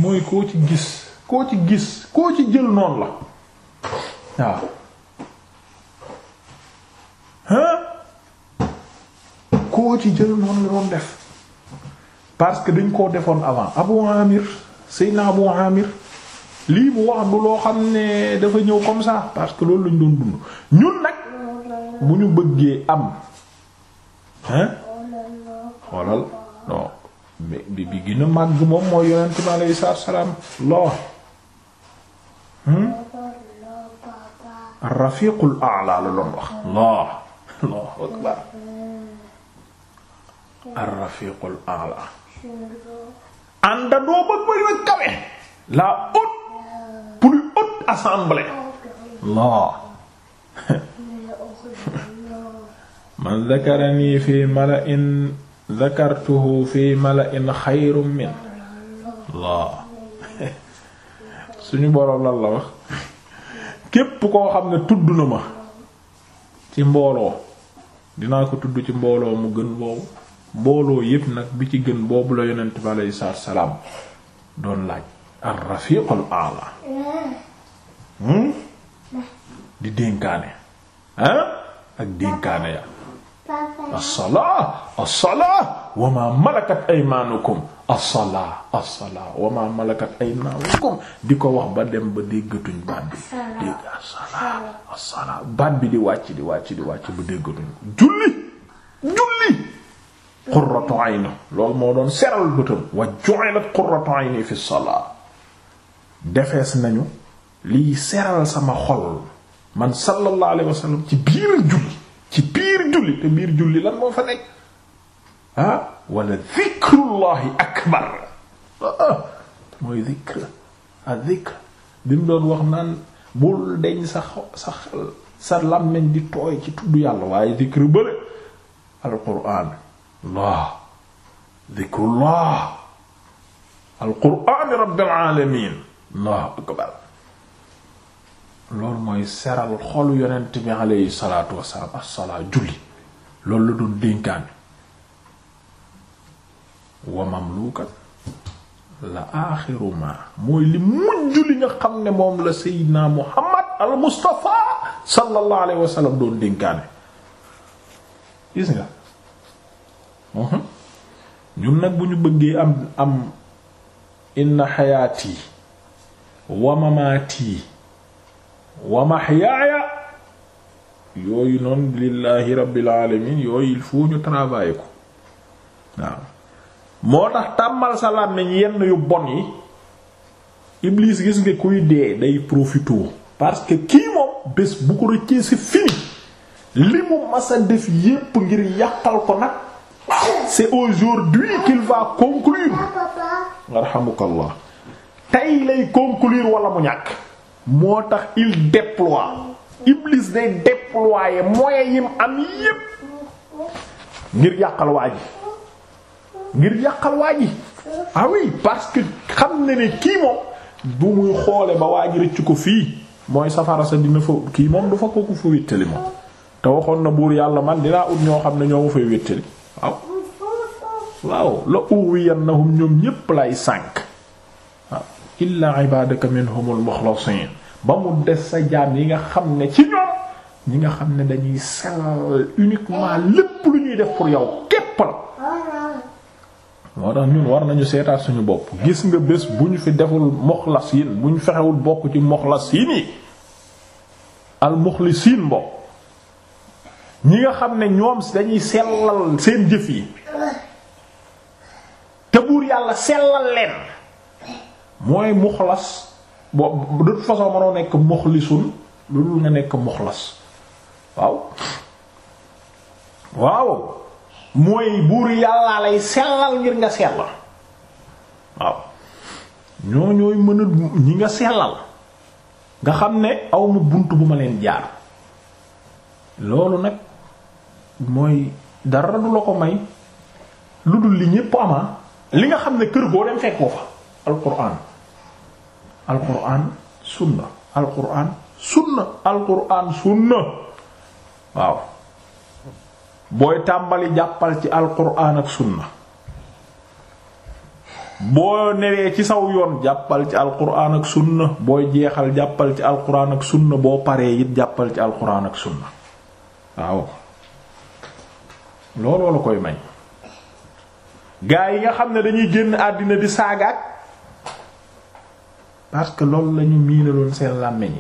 mooy koo ci gis koo ci gis koo ci jël noon la waaw ah koo ci jël noonu la doon def parce que dañ koo defoon avant Abu Amir Seydina Abu Amir lii bu wax du loo xam ne dafa ñëw comme ça parce que loolu lañ doon dund ñun nag bu ñu bëggee am hein xoolal non mais bi bi gën màgg moom mooy yonent bi aleyhi salaatu salaam loo hmm? rafiqul a'la la doon wax loo ba ba kawe la ut plus haute assemblée non man dakarani fi mala'in dakartuhu fi mala'in xayrun min Allah suñu boroom lan la wax képp koo xam ne tudd na ma ci mbooloo dinaa ko tudd ci mbooloo mu gën boobu mbooloo yépp nag bi ci gën boobu la yonent bi aleyhi salaatu salaam doon laaj ar-rafiq al-a'la hmm? di dénkaane ah ak dénkaane ya as-salaa as-salaa wa malakat aymaanukum as-salaa as-salaa wa malakat aymaanukum di ko wax ba dem ba déggatuñ baat bi di wàcc di wàcc di wàcc ba déggatuñ ko julli julli qurratu ayni loolu moo doon seral bëtam wa ju'ilat qurratu ayni fi as-salaa defees nañu liy seral sama xol man sallallahu alayhi wasallam ci biir julli ci biir julli te biir julli lan moo fa nekk ah wala zikrullahi akbar ah, mooy doon wax naan bul deñ sa sa xel di tooy ci tudd yàlla waaye zikr bële alquran allah zikrullah alquran rabbil allahu loolu mooy seral xolu yonent bi aleyhi salaatu wasalaam assalaa julli loolu la doon dénkaan wa mamluukan la aaxiru mooy li mujj li nga xam ne moom la seydina muhammad al mustafa sallallahu alayhi wa sallam doon dénkaane gis nga mhm. ñun nag bu ñu bëggee am am inna xayaati wa mamaati wa mahyaaya yooyu noonu lillahi rabbil alamin yooyu il ñu travailler ko waaw moo tax tàmmal sa làmmiñ yenn yu bon yi Iblis gis nga kuy dee day profitoo parce que kii moom bés bu ko rëccee c'est fini li mu masa def yépp ngir yàqal ko nag c'est aujourd'hui qu'il va conclure arhamukallah tey lay conclure walla mu ñàkk moo tax il déploie Iblis day déployer moyens yim am yépp ngir yàqal waa ji ngir yàqal waa ji ah parce que xam na ne kii moom bu muy xoole ba waa ji rëcc ko fii mooy safara sa dina fa kii moom dafa fa kooku fa wéttali moom te waxoon na buur yàlla man dinaa ut ñoo xam ne ñoo ma fay wéttali waaw waaw la uwiyannahum ñoom ñépp lay sànk illaa ibadaka minhumul mukhlasin ba mu des sa jaam yi nga xam ne ci ñoom ñi nga xam ne dañuy sellal uniquement lépp lu ñuy def pour yow képp la moo tax ñun war nañu seetaat suñu bopp gis nga bés bu ñu fi deful muxlasiin bu ñu fexewul bokk ci muxlasiin yi al muxlisiin mbokk ñi nga xam ne ñoom dañuy sellal seen jëf yi te buur yàlla sellal leen mooy muxlas boo de toute façon mënoo nekk muxlisun lu dul nga nekk muxlas waaw waaw mooy buur yàllaa lay sellal ngir nga sellal waaw ñoo ñooy mën ñi nga sellal nga xam ne awma bunt bu ma leen jaar loolu nag mooy dara du la ko may lu dul li ñépp ama li nga xam ne kër goo dem fekkoo fa alquran alquran sunna alquran sunna alquran sunna waaw booy tàmbali jàppal ci alquran ak sunna boo newee ci saw yoon jàppal ci alquran ak sunna booy jeexal jàppal ci alquran ak sunna boo paree it jàppal ci alquran ak sunna waaw looloo la koy may gaa yi nga xam ne dañuy génn àddina di saagaak parce que loolu lañu miinaloon seen làmmiñ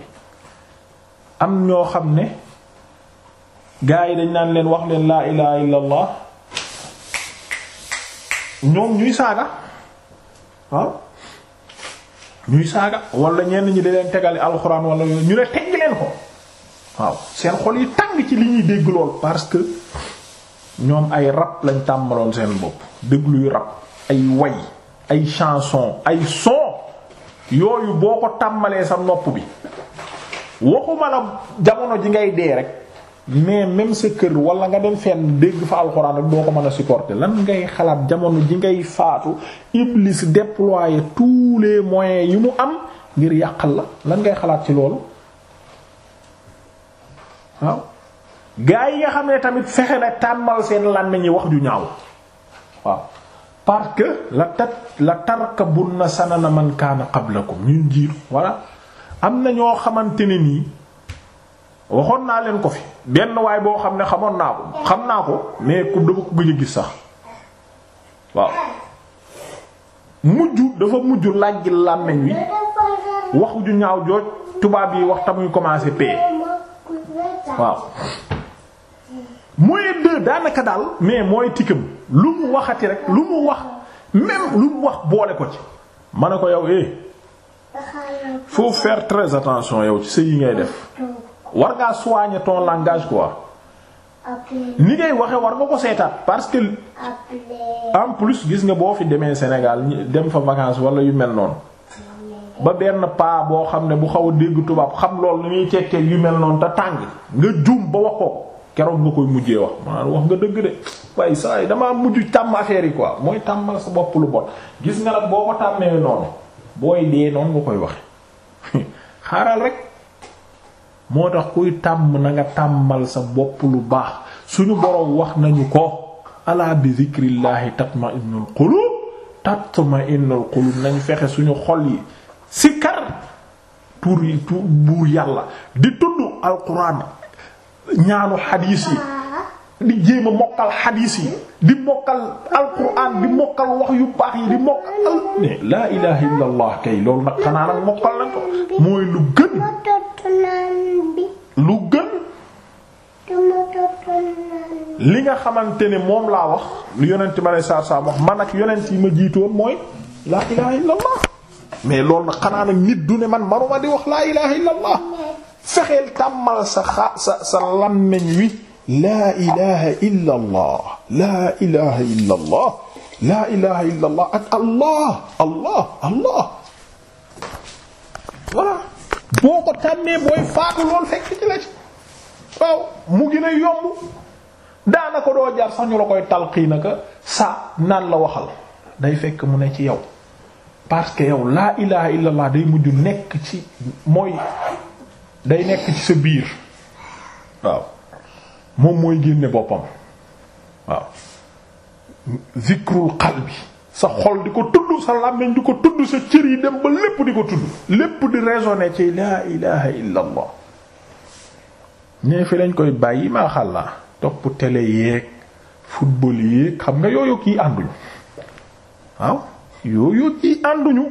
am ñoo xam ne gaa yi dañ naan leen wax leen laa ilaha illallah ñoom ñuy saaga waaw ñuy saaga wala ñenn ñi di leen tegali alxuraan wala ñu ne tegg leen ko waaw seen xol yi tàng ci li ñuy dégg lool parce que ñoom ay rap lañ tàmbaloon seen bopp dégluy rap ay way ay chanson ay son yooyu boo ko tàmbalee sa nopp bi waxuma la jamono ji ngay dee rek mais même sa kër wala nga dem fenn dégg fa alxuraan ak boo ko mën a supporter lan ngay xalaat jamono ji ngay faatu Iblis déployer tous les moyens yi mu am ngir yàqal la lan ngay xalaat ci loolu waaw gaa yi nga xam ne tamit fexe na tàmmal seen làmmiñ yi wax ju ñaaw waaw parce que la tat la tarkabunna sanana la ko qablakum ñun jiir voilà am na ñoo xamante ne nii waxoon naa leen ko fi benn waay boo xam ne xamoon naa ko xam naa ko mais ku dama ko gëj gis sax waaw mujj dafa mujj làjj làmmiñ wi waxu ju ñaaw jooj tubaab yi wax tamuy commencer paye waaw mooy deux daanaka daal mais mooy tikkam lu mu waxati rek lu mu wax même lu mu wax boole ko ci ma ne ko yow eh faut faire très attention yow ci sa yi ngay def war ngaa soigner ton langage quoi ni ngay waxe war nga ko seetaat parce que en plus gis nga boo fi demee Sénégal dem fa vacances wala yu mel noonu ba benn paa boo xam ne bu xaw dégg tubaab xam lool lu muy tekkee yu mel noonu te tàng nga juum ba wax ko keroog nga koy mujjee wax maanaam wax nga dëgg de waaye saa yi damaa mujj tàmm affaire yi quoi mooy tàmmal sa bopp lu bon gis nga nag boo ko tàmmee noonu booy dee noonu nga koy waxe xaaral rek moo tax kuy tàmm na nga tàmmal sa bopp lu baax suñu boroom wax nañu ko ala bi zikrillahi tatma'innul qulub tatma'innul qulub nañ fexe suñu xol yi si kar tur yi tur buur yàlla di tudd alquran ñaanu xadiis yi di jéem a mokkal xadiis yi di mokkal alquran di mokkal wax yu baax yi di mokkal mais laa ilaha illa kay loolu nag xanaa nag mokkal lañ nga xamante ne moom laa wax lu yonent ma lay saa saa wax man ak yonent yi ma jiitoon mooy laa ilaha illa mais loolu nag xanaa nag nit du ne man manuma di wax laa ilaha illa fexeel tàmmal sa xa sa sa wi laa ilaha illa laa ilaha illa laa ilaha illa allah allah allah allah boo ko tàmmee booy faatu lool fekk ci la ci waaw mu gën yomb daanaka doo jaar sax koy talqiinaka sa naan la waxal day fekk mu ne ci yow parce que yow laa ilaha illa day mujj nekk ci mooy day nekk ci sa biir waaw moom mooy génne boppam waaw zikrul qalbi sa xol di ko tudd sa làmmiñ di ko tudd sa cër yi dem ba lépp di ko tudd lépp di raisonner ci laa ilaha illa allah fi lañ koy bàyyi maa xàllaa topp télé yeeg football yeeg xam nga yooyu kii ànduñu waaw yooyu kii ànduñu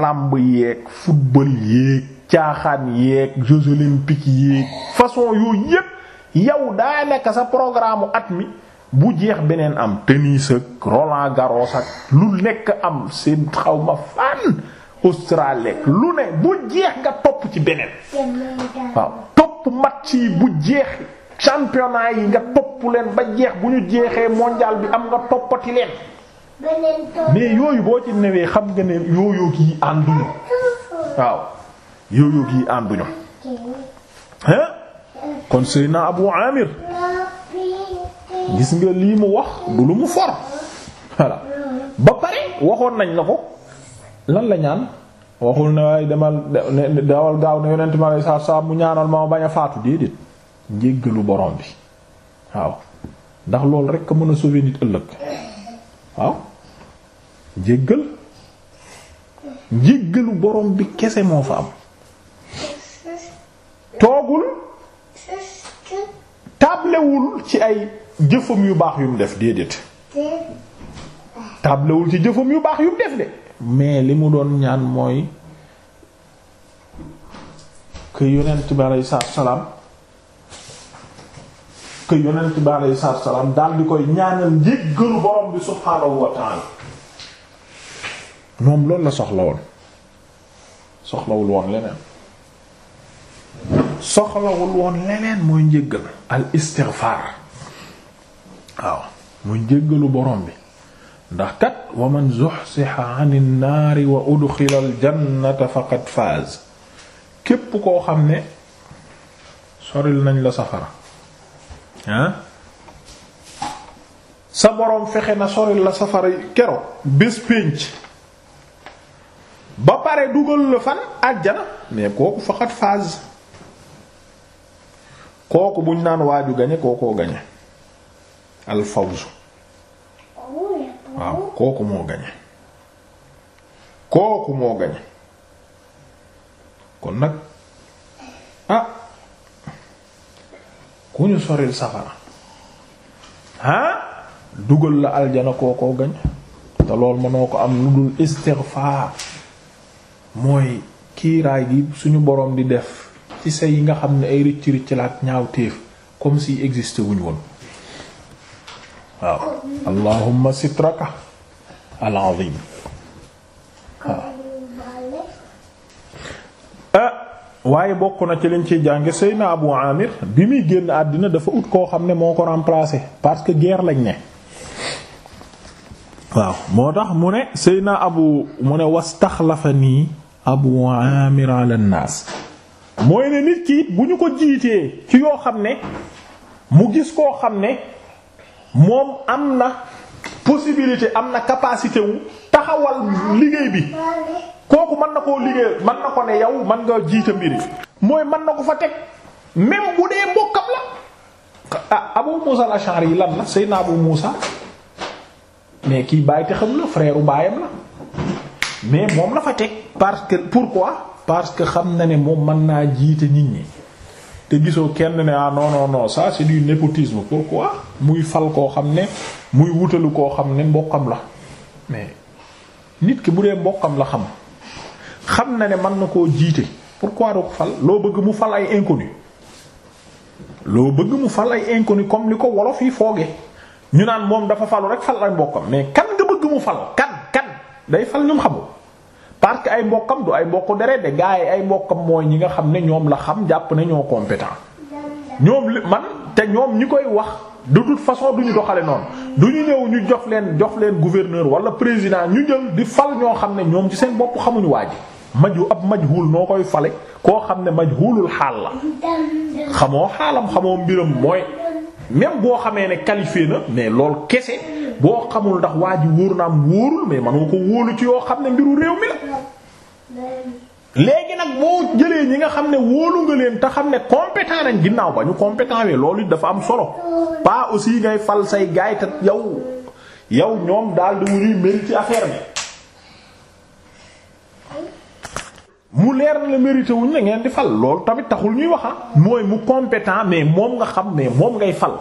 làmb yeeg football yeeg caaxaan yeeg Jeux olympiques yeeg façon yooyu yépp yow daa nekk sa programme at mi bu jeex beneen am tennis ak Roland Garros ak lu nekk am seen xaw ma fan Australie lu ne bu jeex nga topp ci beneen waaw topp match yi bu jeex championnat yi nga topp leen ba jeex bu ñu jeexee mondial bi am nga toppati leen mais yooyu boo ci newee xam nga ne yooyu kii ànduñu waaw yow yow gii ànduñu hein kon Seydina Abu Amir gis nga lii mu wax du lu mu for voilà ba pare waxoon nañ la ko lan la ñaan waxul ne waaye demal dawal gaaw ne yonent ma lay saa saa mu ñaanal ma bañ a faatu déedéet njéggalu borom bi waaw ndax loolu rek a mën a sauver nit ëllëg waaw njéggal njéggalu borom bi kese moo fa am toogul tablewul ci ay jëfam yu baax yum def déedéet tablewul ci jëfam yu baax yum def de mais li mu doon ñaan mooy que yonent bi aleyhi salaatu salaam que yonent bi aleyhi salaam daal di koy ñaanal njéggalu borom bi subhaanahu wa moom loolu la soxla woon soxlawul woon leneen soxlawul woon leneen mooy njëggal al istighfar waaw muy njëggalu borom bi ndax kat wa man zuhsiha 'anil naari wa udxila al jannata faqad faaz képp koo xam ne soril nañ la safara sa boroom fexe na soril la safara kero bés pénc ba pare dugal la fan àjjana mais kooku faqad faaz kooku buñ naan waaju gañe kookoo gañe al fawzu waaw kooku moo gañe kooku moo gañe kon nag ah ku ñu soril safara ah dugal la aljana kookoo gañe te lool mënoo ko am lu dul istighfar mooy kiiraay gi suñu boroom di def ci sa yi nga xam ne ay rëcc rëcc laat ñaaw téef comme si existe wuñ woon waaw allahumma sitraka al-azim ah, waaye bokk na ci liñ ciy jànge Seyna Abu Amir bi muy génn àddina dafa ut koo xam ne moo ko remplacé parce que guerre lañ ne waaw moo tax mu ne Seyna Abu mu ne wastaxlafa Abu Amir ala mooy ne nit ki bu ñu ko jiitee ci yoo xam ne mu gis koo xam ne moom am na possibilité am na capacité wu taxawal liggéey bi kooku mën na koo liggéey mën na ko ne yow man nga jiite mbiri mooy mën na ko fa teg même bu dee mbokkam la ah Abu Musa al-Ash'ari yi lan la Seydina Abu Musa mais kii bàyyi te xam la frère baayam la mais moom la fa teg parce que pourquoi parce que xam na ne moom mën naa jiite nit ñi te gisoo kenn ne ah non non non ça c'est du népotisme pourquoi muy fal koo xam ne muy wutalu koo xam ne mbokkam la mais nit ki bu dee mbokkam la xam xam na ne mën na koo jiite pourquoi du ko fal loo bëgg mu fal ay inconnu loo bëgg mu fal ay inconnu comme li ko wolof yi fooge ñu naan moom dafa falu rek fal ay mbokkam mais kan nga bëgg mu fal kan kan day fal ñum xamul parce que ay mbokkam du ay mbokku deret de gars yi ay mbokkam mooy ñi nga xam ne ñoom la xam jàpp ne ñoo compétent ñoom li man te ñoom ñi koy wax de toute façon du ñu doxale noonu duñu ñu ñëw ñu jox leen jox leen gouverneur wala président ñu jël di fal ñoo xam ne ñoom ci seen bopp xamuñu waa ji maju ab majhul noo koy fale koo xam ne majhulul xaal la xamoo xaalam xamoo mbiram mooy même boo xamee ne qualifié na mais lool kese boo xamul ndax waa ji wóor na am wóorul mais man nga ko wóolu ci yoo xam ne mbiru réew mi la. léegi nag boo jëlee ñi nga xam ne wóolu nga leen te xam ne compétent nañ ginnaaw ba ñu compétent we loolu dafa am solo pas aussi ngay fal say gaay te yow yow ñoom daal di wuñuy mel ci affaire bi. mu leer na la mérité wuñ la ngeen di fal loolu tamit taxul ñuy wax ah. mooy mu compétent mais moom nga xam mais moom ngay fal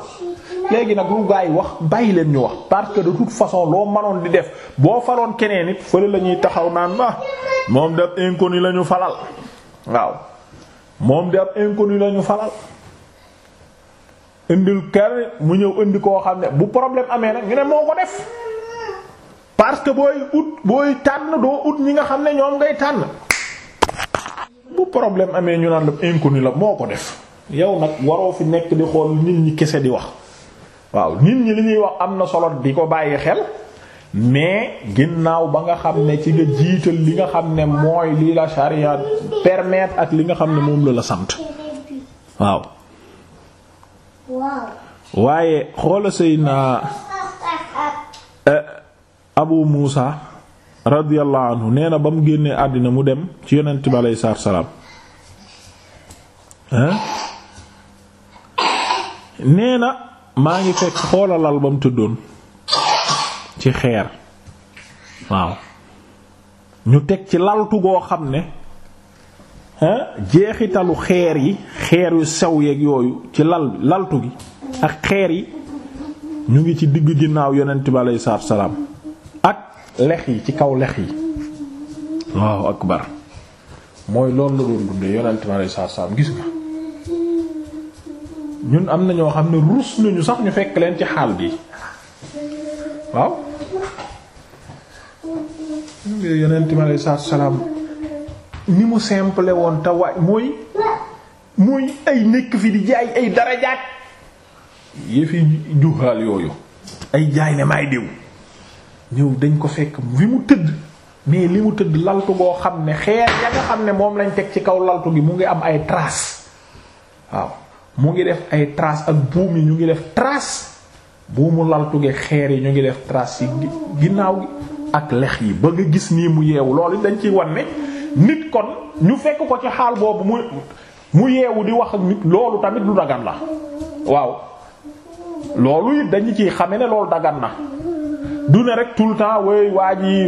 léegi nag lu gaa yi wax bàyyi leen ñu wax parce que de toute façon loo manoon di def boo faloon keneen it fële la ñuy taxaw naan ba ah moom de ab inconnu lañu ñu falal waaw moom de ab inconnu lañu ñu falal indil kër mu ñëw indi koo xam ne bu problème amee nag ñu moo ko def parce que booy ut booy tànn doo ut ñi nga xam ne ñoom ngay tànn. bu problème amee ñu naan la inconnu la moo ko def yow nag waroo fi nekk di xool nit ñi kese di wax waaw nit ñi li ñuy wax am na solo di ko bàyyi xel mais ginnaaw ba nga xam ne ci nga jiital li nga xam ne mooy li la charia permettre ak li nga xam ne moom la la sant waaw waaye xoola sëy na euh, Abu Muusa radiyallahu anhu nee na ba mu génnee àddina mu dem ci yonent bi aleyhi salaatu salaam nee na maa ngi fekk xoolalal ba mu tëddoon ci xeer waaw ñu teg ci laltu goo xam ne jeexitalu xeer yi xeer yu sew yeeg yooyu ci lal laltu gi ak xeer yi ñu ngi ci digg ginnaaw yonent bi aleyhi salaatu salaam lex yi ci kaw lex yi waaw akbar mooy loolu la doon dundee yonent ma lay saa gis nga ñun am na ñoo xam ne rus nañu sax ñu fekk leen ci xaal bi waaw yonent ma lay salaam ni mu simple woon te waay mooy mooy ay nekk fi di jaay ay darajaat yëfi juhaal yooyu ay jaay ne may diw ñëw dañ ko fekk fi mu tëdd mais li mu tëdd laltu goo xam ne xeer ya nga xam ne moom lañ teg ci kaw laltu gi mu ngi am ay traces waaw mu ngi def ay tras ak buum yi ñu ngi def trace buumu laltu gi xeer yi ñu ngi def trace yi ginnaaw ak lex yi ba nga gis nii mu yeewu loolu dañ ciy wan ne nit kon ñu fekk ko ci xaal boobu mu mu yeewu di wax ak nit loolu tamit lu dagan la waaw loolu it dañ ci xame ne loolu dagan na dune rek tout le temps way waa ji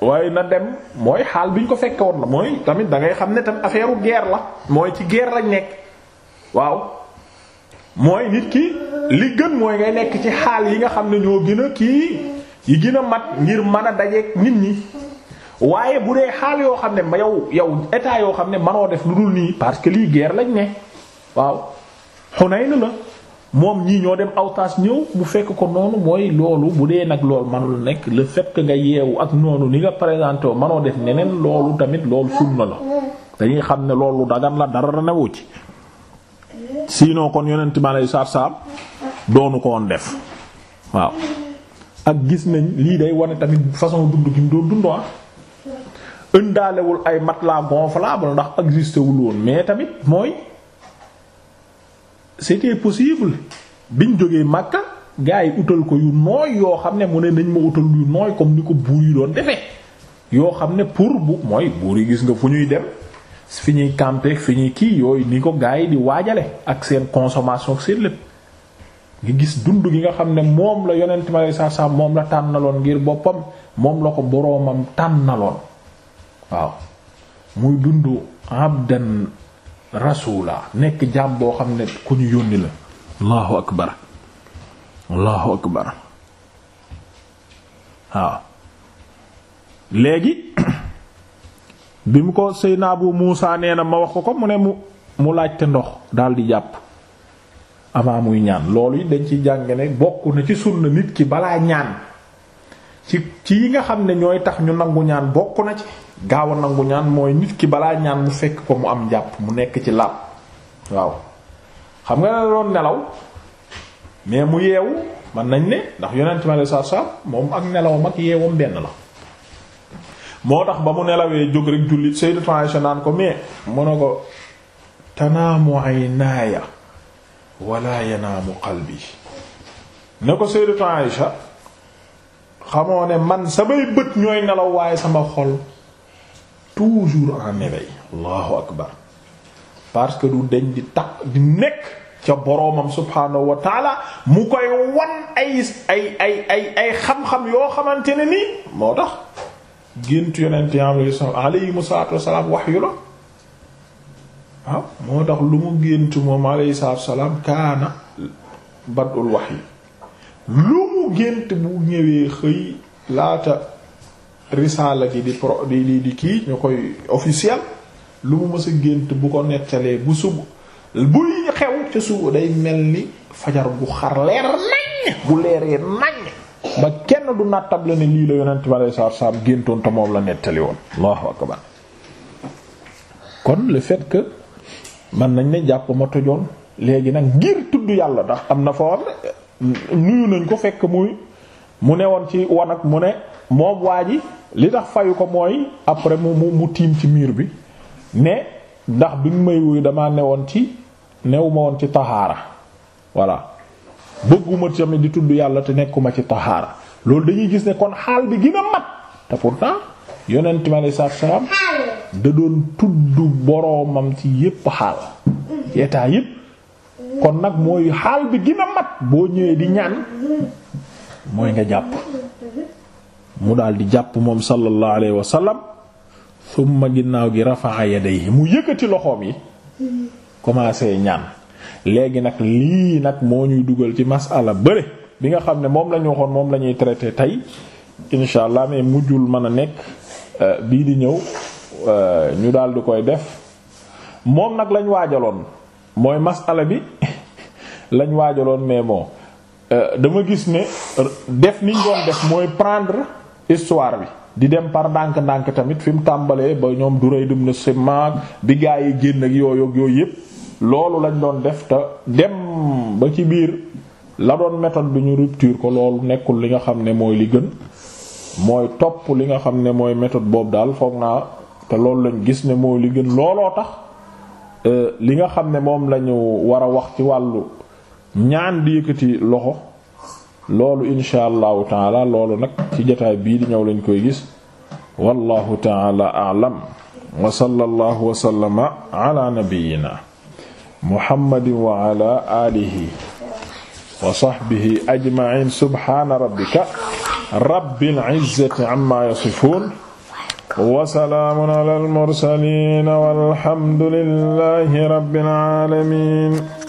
waaye na dem mooy xaal bi ñu ko fekke woon la mooy tamit da ngay xam ne tam affaire u guerre la mooy ci guerre lañ nekk waaw mooy nit ki li gën mooy ngay nekk ci xaal yi nga xam ne ñoo gën a kii yi gën mat ngir mën a dajeek nit ñi waaye bu dee xaal yoo xam ne ma yow yow état yoo xam ne manoo def lu dul nii parce que lii guerre lañ ne waaw Hunayn la moom ñii ñoo dem awtaas ñëw bu fekk ko noonu mooy loolu bu dee nag lool manul nekk le fekk nga yeewu ak noonu ni nga présenté woo manoo def neneen loolu tamit loolu sunna la dañuy xam ne loolu dagan la dara newu ci sinon kon yonent maa lay saab doonu ko woon def waaw ak gis nañ lii day wane tamit façon dund gi mu doon dund ah ëndaalewul ay matelas gonflable ndax existé wul woon mais tamit mooy c'était possible biñ jógee Makka gars yi utal ko yu nooy yoo xam ne mu ne nañ ma utal yu nooy comme ni ko buur yi doon defee yoo xam ne pour bu mooy buur yi gis nga fu ñuy dem fi ñuy camper fi ñuy kii yooyu ni ko gaa yi di waajale ak seen consommation ak seen lépp nga gis dund gi nga xam ne moom la yonent ma lay sax moom la tànnaloon ngir boppam moom la ko boroomam tànnaloon waaw muy dund abdan rasuula nekk jaam boo xam ne ku ñu yónni la allahu akbar allahu akbar waaw léegi bi mu ko naa Abu Muusa nee na ma wax ko ko mu ne mu mu laajte ndox daal di jàpp avant muy ñaan loolu yi dañ ciy jàng ne bokk na ci sunna nit ki balaa ñaan ci ci yi nga xam ne ñooy tax ñu nangu ñaan bokk na ci gaaw a nangu ñaan mooy nit ki balaa ñaan mu fekk ko mu am jàpp mu nekk ci làpp waaw xam nga ne doon nelaw mais mu yeewu man nañ ne ndax yonent ci le sa sa moom ak nelawam ak yeewam benn la moo tax ba mu nelawee jóg rek julli Sayyidatu Aisha naan ko mais mu ne ko tanaamu aynaaya walla yanaamu qalbi ne ko Sayyidatu sa xamoo ne man samay bët ñooy nelaw waaye sama xol toujours en éveil allahu akbar parce que du deñ di tax di nekk ca boroomam subhaanahu wa taala mu koy wan ay ay ay ay xam-xam yoo xamante ne nii moo tax gént yonent alayhi salaatu wassalaam wax yu la waaw ah, moo tax lu mu gént moom alayhi salaatu wassalaam kaana badul wax yi lu mu gént bu ñëwee xëy laata risaala gi di pro di di kii ñu koy officiel lu mu mës gént bu ko nettalee bu suba buy xew ca suba day mel ni fajar bu xar leer nañ bu leeree nañ ba kenn du nattable ne lii la yonent bi alei saatu salaam géntoon te moom la nettali woon allahu akbar kon le que man nañ ne jàpp ma tojoon léegi nag ngir tudd yàlla ndax am na fa war nuyu nañ ko fekk muy mu ne woon ci wanag mu ne moom waa ji li tax fayu ko mooy après mu mu mu tiim ci miir bi ne ndax bi mu may wuyu damaa newoon ci new ma woon ci taxaara voilà bëgguma tamit di tudd yàlla te nekkuma ci taxaara loolu dañuy gis ne kon xaal bi gën a mat te pourtant yonent mi alayhi salaatu salaam da doon tudd boroomam ci yépp xaal ci état yépp kon nag mooy xaal bi gën mat boo ñëwee di ñaan mooy nga jàpp mu daal di jàpp moom sallallahu alayhi wa sallam summa ginnaaw gi rafa'a yadayhi mu yëkkati loxoom yi commencé ñaan léegi nag lii nag moo ñuy dugal ci masala bëre bi nga xam ne moom la ñu waxoon moom la ñuy traité tey incha allah mais mujjul mën a nekk euh, bii di ñëw euh, ñu daal di koy def moom nag lañ waajaloon mooy masala bi lañ waajaloon mais bon euh, dama gis ne def niñ doon def mooy prendre histoire bi di dem par ndànk-ndànk tamit fi mu tàmbalee ba ñoom Durayd ibn Simmaak bi gaa yi génn ak yooyu ak yooyu yépp loolu lañ doon def te dem ba ci biir la doon méthode bi ñu rupture ko loolu nekkul li nga xam ne mooy li gën mooy topp li nga xam ne mooy méthode boobu daal foog naa te loolu lañ gis ne mooy li gën looloo tax euh, li nga xam ne moom lañu war a wax ci wàllu ñaan di yëkkati loxo loolu insha allahu taala loolu nag ci jotaay bii di ñëw lañ koy gis wallahu taala a'lam wa sallallahu wa sallama ala nabiyyina muhammadin wa ala alihi wa sahbihi ajma'in subhana rabbika rabbil izzati amma yasifun wa salaamun ala al mursalin walhamdulillahi rabbil alamin